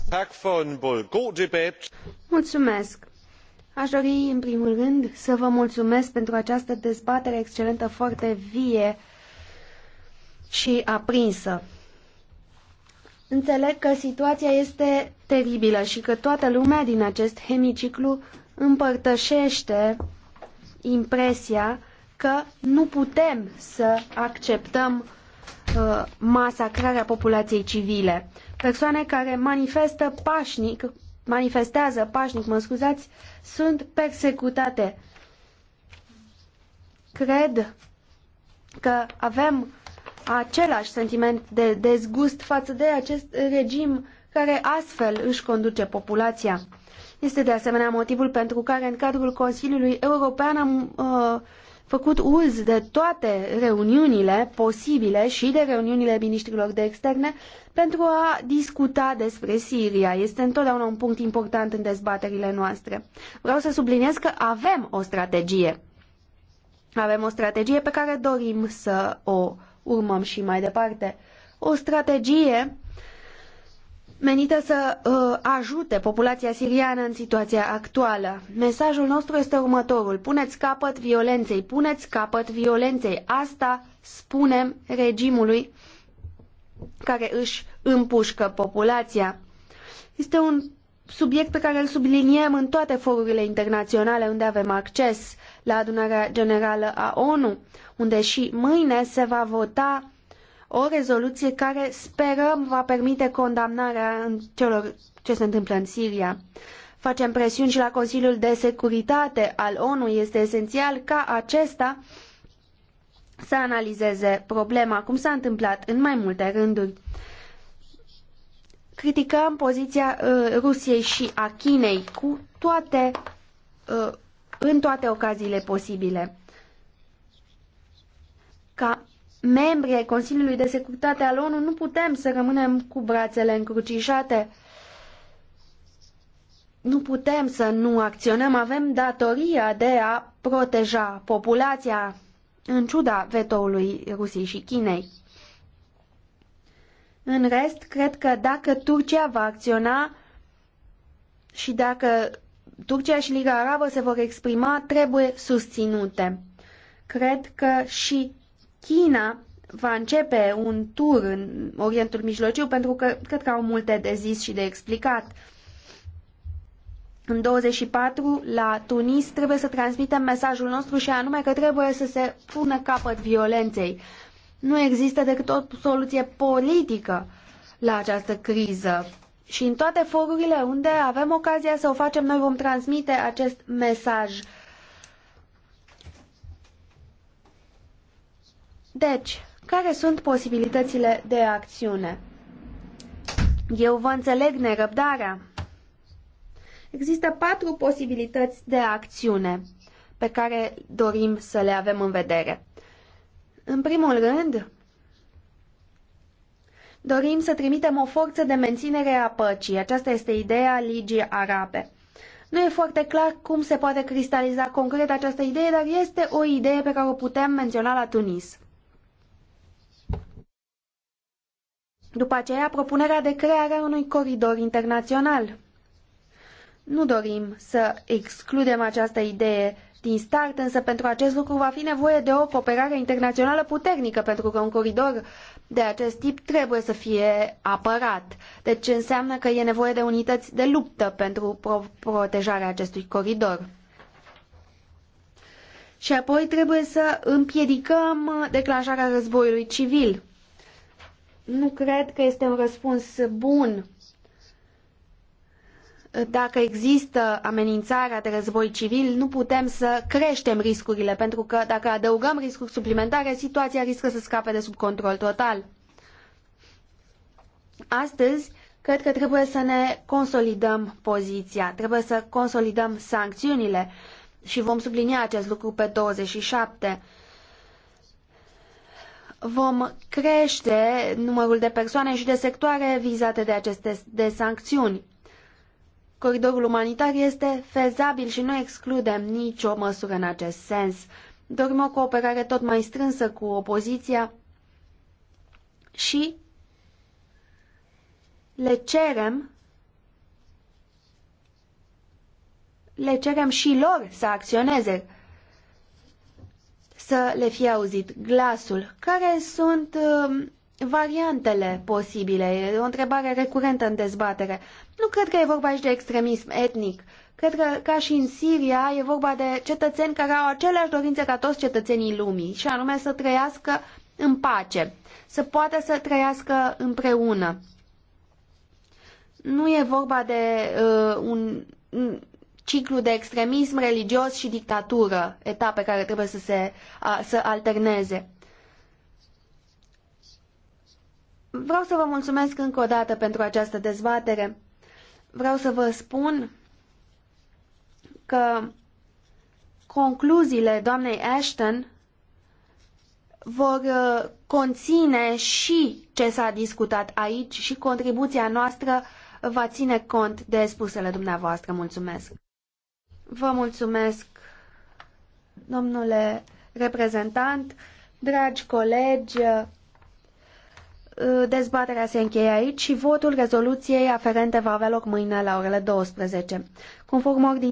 Mulțumesc. Aș dori, în primul rând, să vă mulțumesc pentru această dezbatere excelentă, foarte vie și aprinsă. Înțeleg că situația este teribilă și că toată lumea din acest hemiciclu împărtășește impresia că nu putem să acceptăm Uh, masacrarea populației civile. Persoane care manifestă pașnic, manifestează pașnic, mă scuzați, sunt persecutate. Cred că avem același sentiment de dezgust față de acest regim care astfel își conduce populația. Este de asemenea motivul pentru care în cadrul Consiliului European am uh, făcut uz de toate reuniunile posibile și de reuniunile ministrilor de externe pentru a discuta despre Siria. Este întotdeauna un punct important în dezbaterile noastre. Vreau să subliniez că avem o strategie. Avem o strategie pe care dorim să o urmăm și mai departe. O strategie menită să uh, ajute populația siriană în situația actuală. Mesajul nostru este următorul. Puneți capăt violenței, puneți capăt violenței. Asta spunem regimului care își împușcă populația. Este un subiect pe care îl subliniem în toate forurile internaționale unde avem acces la adunarea generală a ONU, unde și mâine se va vota o rezoluție care sperăm va permite condamnarea celor ce se întâmplă în Siria. Facem presiuni și la Consiliul de Securitate al ONU. Este esențial ca acesta să analizeze problema, cum s-a întâmplat în mai multe rânduri. Criticăm poziția uh, Rusiei și a Chinei cu toate, uh, în toate ocaziile posibile. Ca membri ai Consiliului de Securitate al ONU, nu putem să rămânem cu brațele încrucișate. Nu putem să nu acționăm, avem datoria de a proteja populația, în ciuda vetoului Rusiei și Chinei. În rest, cred că dacă Turcia va acționa și dacă Turcia și Liga Arabă se vor exprima, trebuie susținute. Cred că și China va începe un tur în Orientul Mijlociu pentru că cred că au multe de zis și de explicat. În 24, la Tunis, trebuie să transmitem mesajul nostru și anume că trebuie să se pună capăt violenței. Nu există decât o soluție politică la această criză. Și în toate forurile unde avem ocazia să o facem, noi vom transmite acest mesaj uh, Deci, care sunt posibilitățile de acțiune? Eu vă înțeleg nerăbdarea. Există patru posibilități de acțiune pe care dorim să le avem în vedere. În primul rând, dorim să trimitem o forță de menținere a păcii. Aceasta este ideea Ligii Arabe. Nu e foarte clar cum se poate cristaliza concret această idee, dar este o idee pe care o putem menționa la Tunis. După aceea, propunerea de creare a unui coridor internațional. Nu dorim să excludem această idee din start, însă pentru acest lucru va fi nevoie de o cooperare internațională puternică, pentru că un coridor de acest tip trebuie să fie apărat. Deci înseamnă că e nevoie de unități de luptă pentru pro protejarea acestui coridor. Și apoi trebuie să împiedicăm declanșarea războiului civil nu cred că este un răspuns bun dacă există amenințarea de război civil, nu putem să creștem riscurile, pentru că dacă adăugăm riscuri suplimentare, situația riscă să scape de sub control total. Astăzi, cred că trebuie să ne consolidăm poziția, trebuie să consolidăm sancțiunile și vom sublinia acest lucru pe 27 vom crește numărul de persoane și de sectoare vizate de aceste de sancțiuni. Coridorul umanitar este fezabil și nu excludem nicio măsură în acest sens. Dorim o cooperare tot mai strânsă cu opoziția și le cerem le cerem și lor să acționeze să le fie auzit glasul. Care sunt um, variantele posibile? E o întrebare recurentă în dezbatere. Nu cred că e vorba aici de extremism etnic. Cred că, ca și în Siria, e vorba de cetățeni care au aceleași dorințe ca toți cetățenii lumii, și anume să trăiască în pace, să poată să trăiască împreună. Nu e vorba de uh, un ciclu de extremism religios și dictatură, etape care trebuie să se să alterneze. Vreau să vă mulțumesc încă o dată pentru această dezbatere. Vreau să vă spun că concluziile doamnei Ashton vor uh, conține și ce s-a discutat aici și contribuția noastră va ține cont de spusele dumneavoastră. Mulțumesc! Vă mulțumesc, domnule reprezentant, dragi colegi, dezbaterea se încheie aici și votul rezoluției aferente va avea loc mâine la orele 12. Conform ordinii